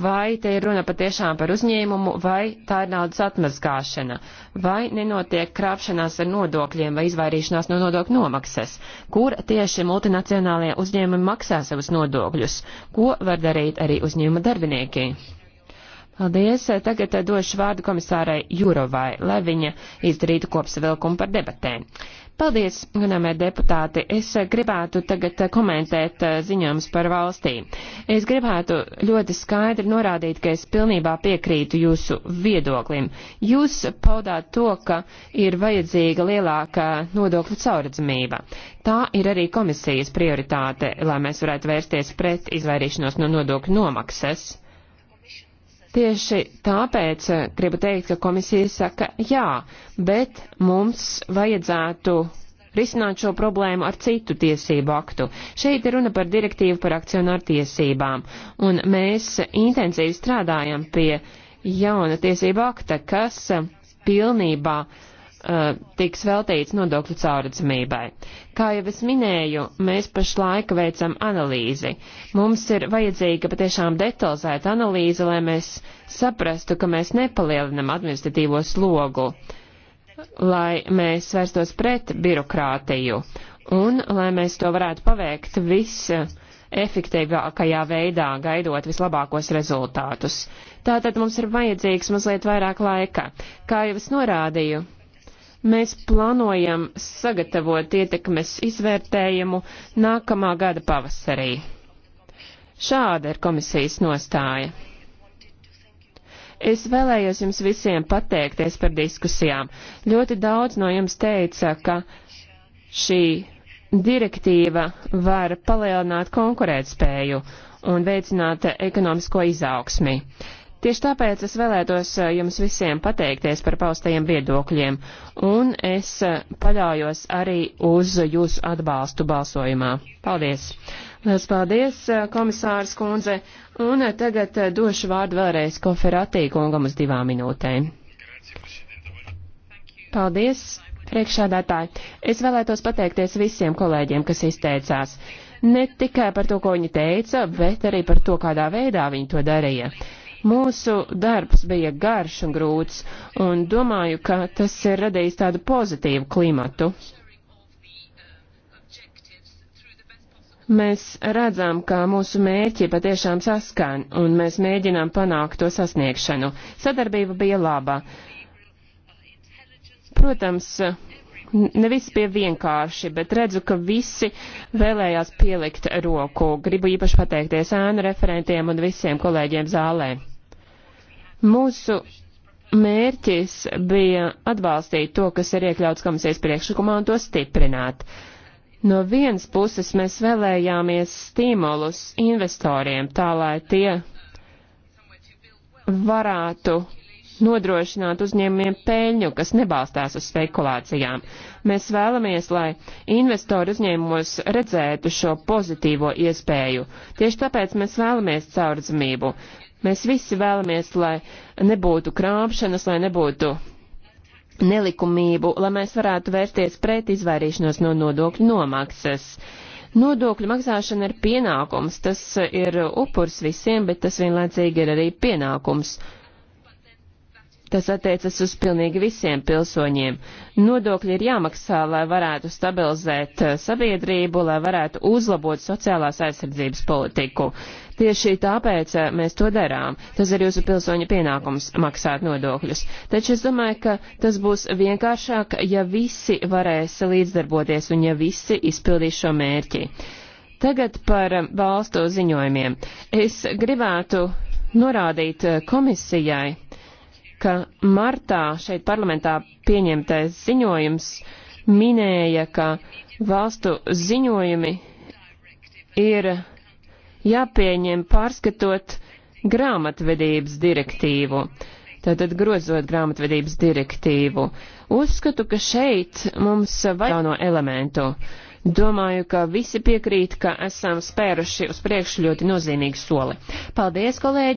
Vai te ir runa patiešām par uzņēmumu, vai tā ir naudas atmazgāšana, vai nenotiek krāpšanās ar nodokļiem vai izvairīšanās no nodokļu nomaksas, kur tieši multinacionālajie uzņēmumi maksā savus nodokļus, ko var darīt arī uzņēmuma darbinieki. Paldies. Tagad eh, došu vārdu komisārai Jurovai, lai viņa izdarītu kopsavilkumu par debatēm. Paldies, ganāmē deputāti. Es eh, gribētu tagad eh, komentēt ziņojums par valstī. Es gribētu ļoti skaidri norādīt, ka es pilnībā piekrītu jūsu viedoklim. Jūs paudāt to, ka ir vajadzīga lielāka nodokļu caurredzamība. Tā ir arī komisijas prioritāte, lai mēs varētu vērsties pret izvairīšanos no nodokļu nomaksas. Tieši tāpēc eh, gribu teikt, ka komisija saka jā, bet mums vajadzētu risināt šo problēmu ar citu tiesību aktu. Šeit ir runa par direktīvu par akcionāru tiesībām, un mēs intensīvi strādājam pie jauna tiesību akta, kas pilnībā uh, Eh, tiks veltīts nodokļu cauradzamībai. Kā jau es minēju, mēs pašlaik veicam analīzi. Mums ir vajadzīga patiešām detalizēta analīze, lai mēs saprastu, ka mēs nepalielinam administratīvo slogu, lai mēs vērstos pret birokrātiju un lai mēs to varētu paveikt visi efektīvākajā veidā, gaidot vislabākos rezultātus. Tātad mums ir vajadzīgs mazliet vairāk laika. Kā jau es norādīju, Mēs plānojam sagatavot ietekmes izvērtējumu nākamā gada pavasarī. Šāda ir komisijas nostāja. Es vēlējos jums visiem pateikties par diskusijām. Ļoti daudz no jums teica, ka šī direktīva var palielināt konkurētspēju un veicināt ekonomisko izaugsmi. Tieši tāpēc es vēlētos eh, jums visiem pateikties par paustajiem viedokļiem, un es eh, paļaujos arī uz jūsu atbalstu balsojumā. Paldies! Lielas paldies, eh, komisārs kundze, un tagad došu vārdu vēlreiz koferatī kungam uz divām minūtēm. Paldies, priekšādātāji. Es vēlētos pateikties visiem kolēģiem, kas izteicās. Ne tikai par to, ko viņi teica, bet arī par to, kādā veidā viņi to darīja. Mūsu darbs bija garš un grūts, un domāju, ka tas ir radījis tādu pozitīvu klimatu. Mēs redzam, ka mūsu mērķi patiešām saskan, un mēs mēģinām panākt to sasniegšanu. Sadarbība bija labā. Protams, nevis pie vienkārši, bet redzu, ka visi vēlējās pielikt roku. Gribu īpaši pateikties ēnu referentiem un visiem kolēģiem zālē. Mūsu mērķis bija atbalstīt to, kas ir iekļauts komisijas priekšlikumā un to stiprināt. No vienas puses mēs vēlējāmies stimulus investoriem tā, lai tie varētu nodrošināt uzņēmumiem peļņu, kas nebalstās uz spekulācijām. Mēs vēlamies, lai investori uzņēmumos redzētu šo pozitīvo iespēju. Tieši tāpēc mēs vēlamies caurdzamību. Mēs visi vēlamies, lai nebūtu krāpšanas, lai nebūtu nelikumību, lai mēs varētu vērsties pret izvairīšanos no nodokļu nomaksas. Nodokļu maksāšana ir pienākums, tas ir upurs visiem, bet tas vienlaicīgi ir arī pienākums. Tas attiecas uz pilnīgi visiem pilsoņiem. Nodokļi ir jāmaksā, lai varētu stabilizēt eh, sabiedrību, lai varētu uzlabot sociālās aizsardzības politiku. Tieši tāpēc eh, mēs to darām. Tas ir jūsu pilsoņa pienākums maksāt nodokļus. Taču es domāju, ka tas būs vienkāršāk, ja visi varēs līdzdarboties un ja visi izpildīs šo mērķi. Tagad par eh, valstu ziņojumiem. Es gribētu norādīt komisijai, ka martā šeit parlamentā pieņemtais ziņojums minēja, ka valstu ziņojumi ir jāpieņem pārskatot grāmatvedības direktīvu. Tātad grozot grāmatvedības direktīvu. Uzskatu, ka šeit mums vajag jauno elementu. Domāju, ka visi piekrīt, ka esam spēruši uz priekšu ļoti nozīmīgu soli. Paldies, kolēģi!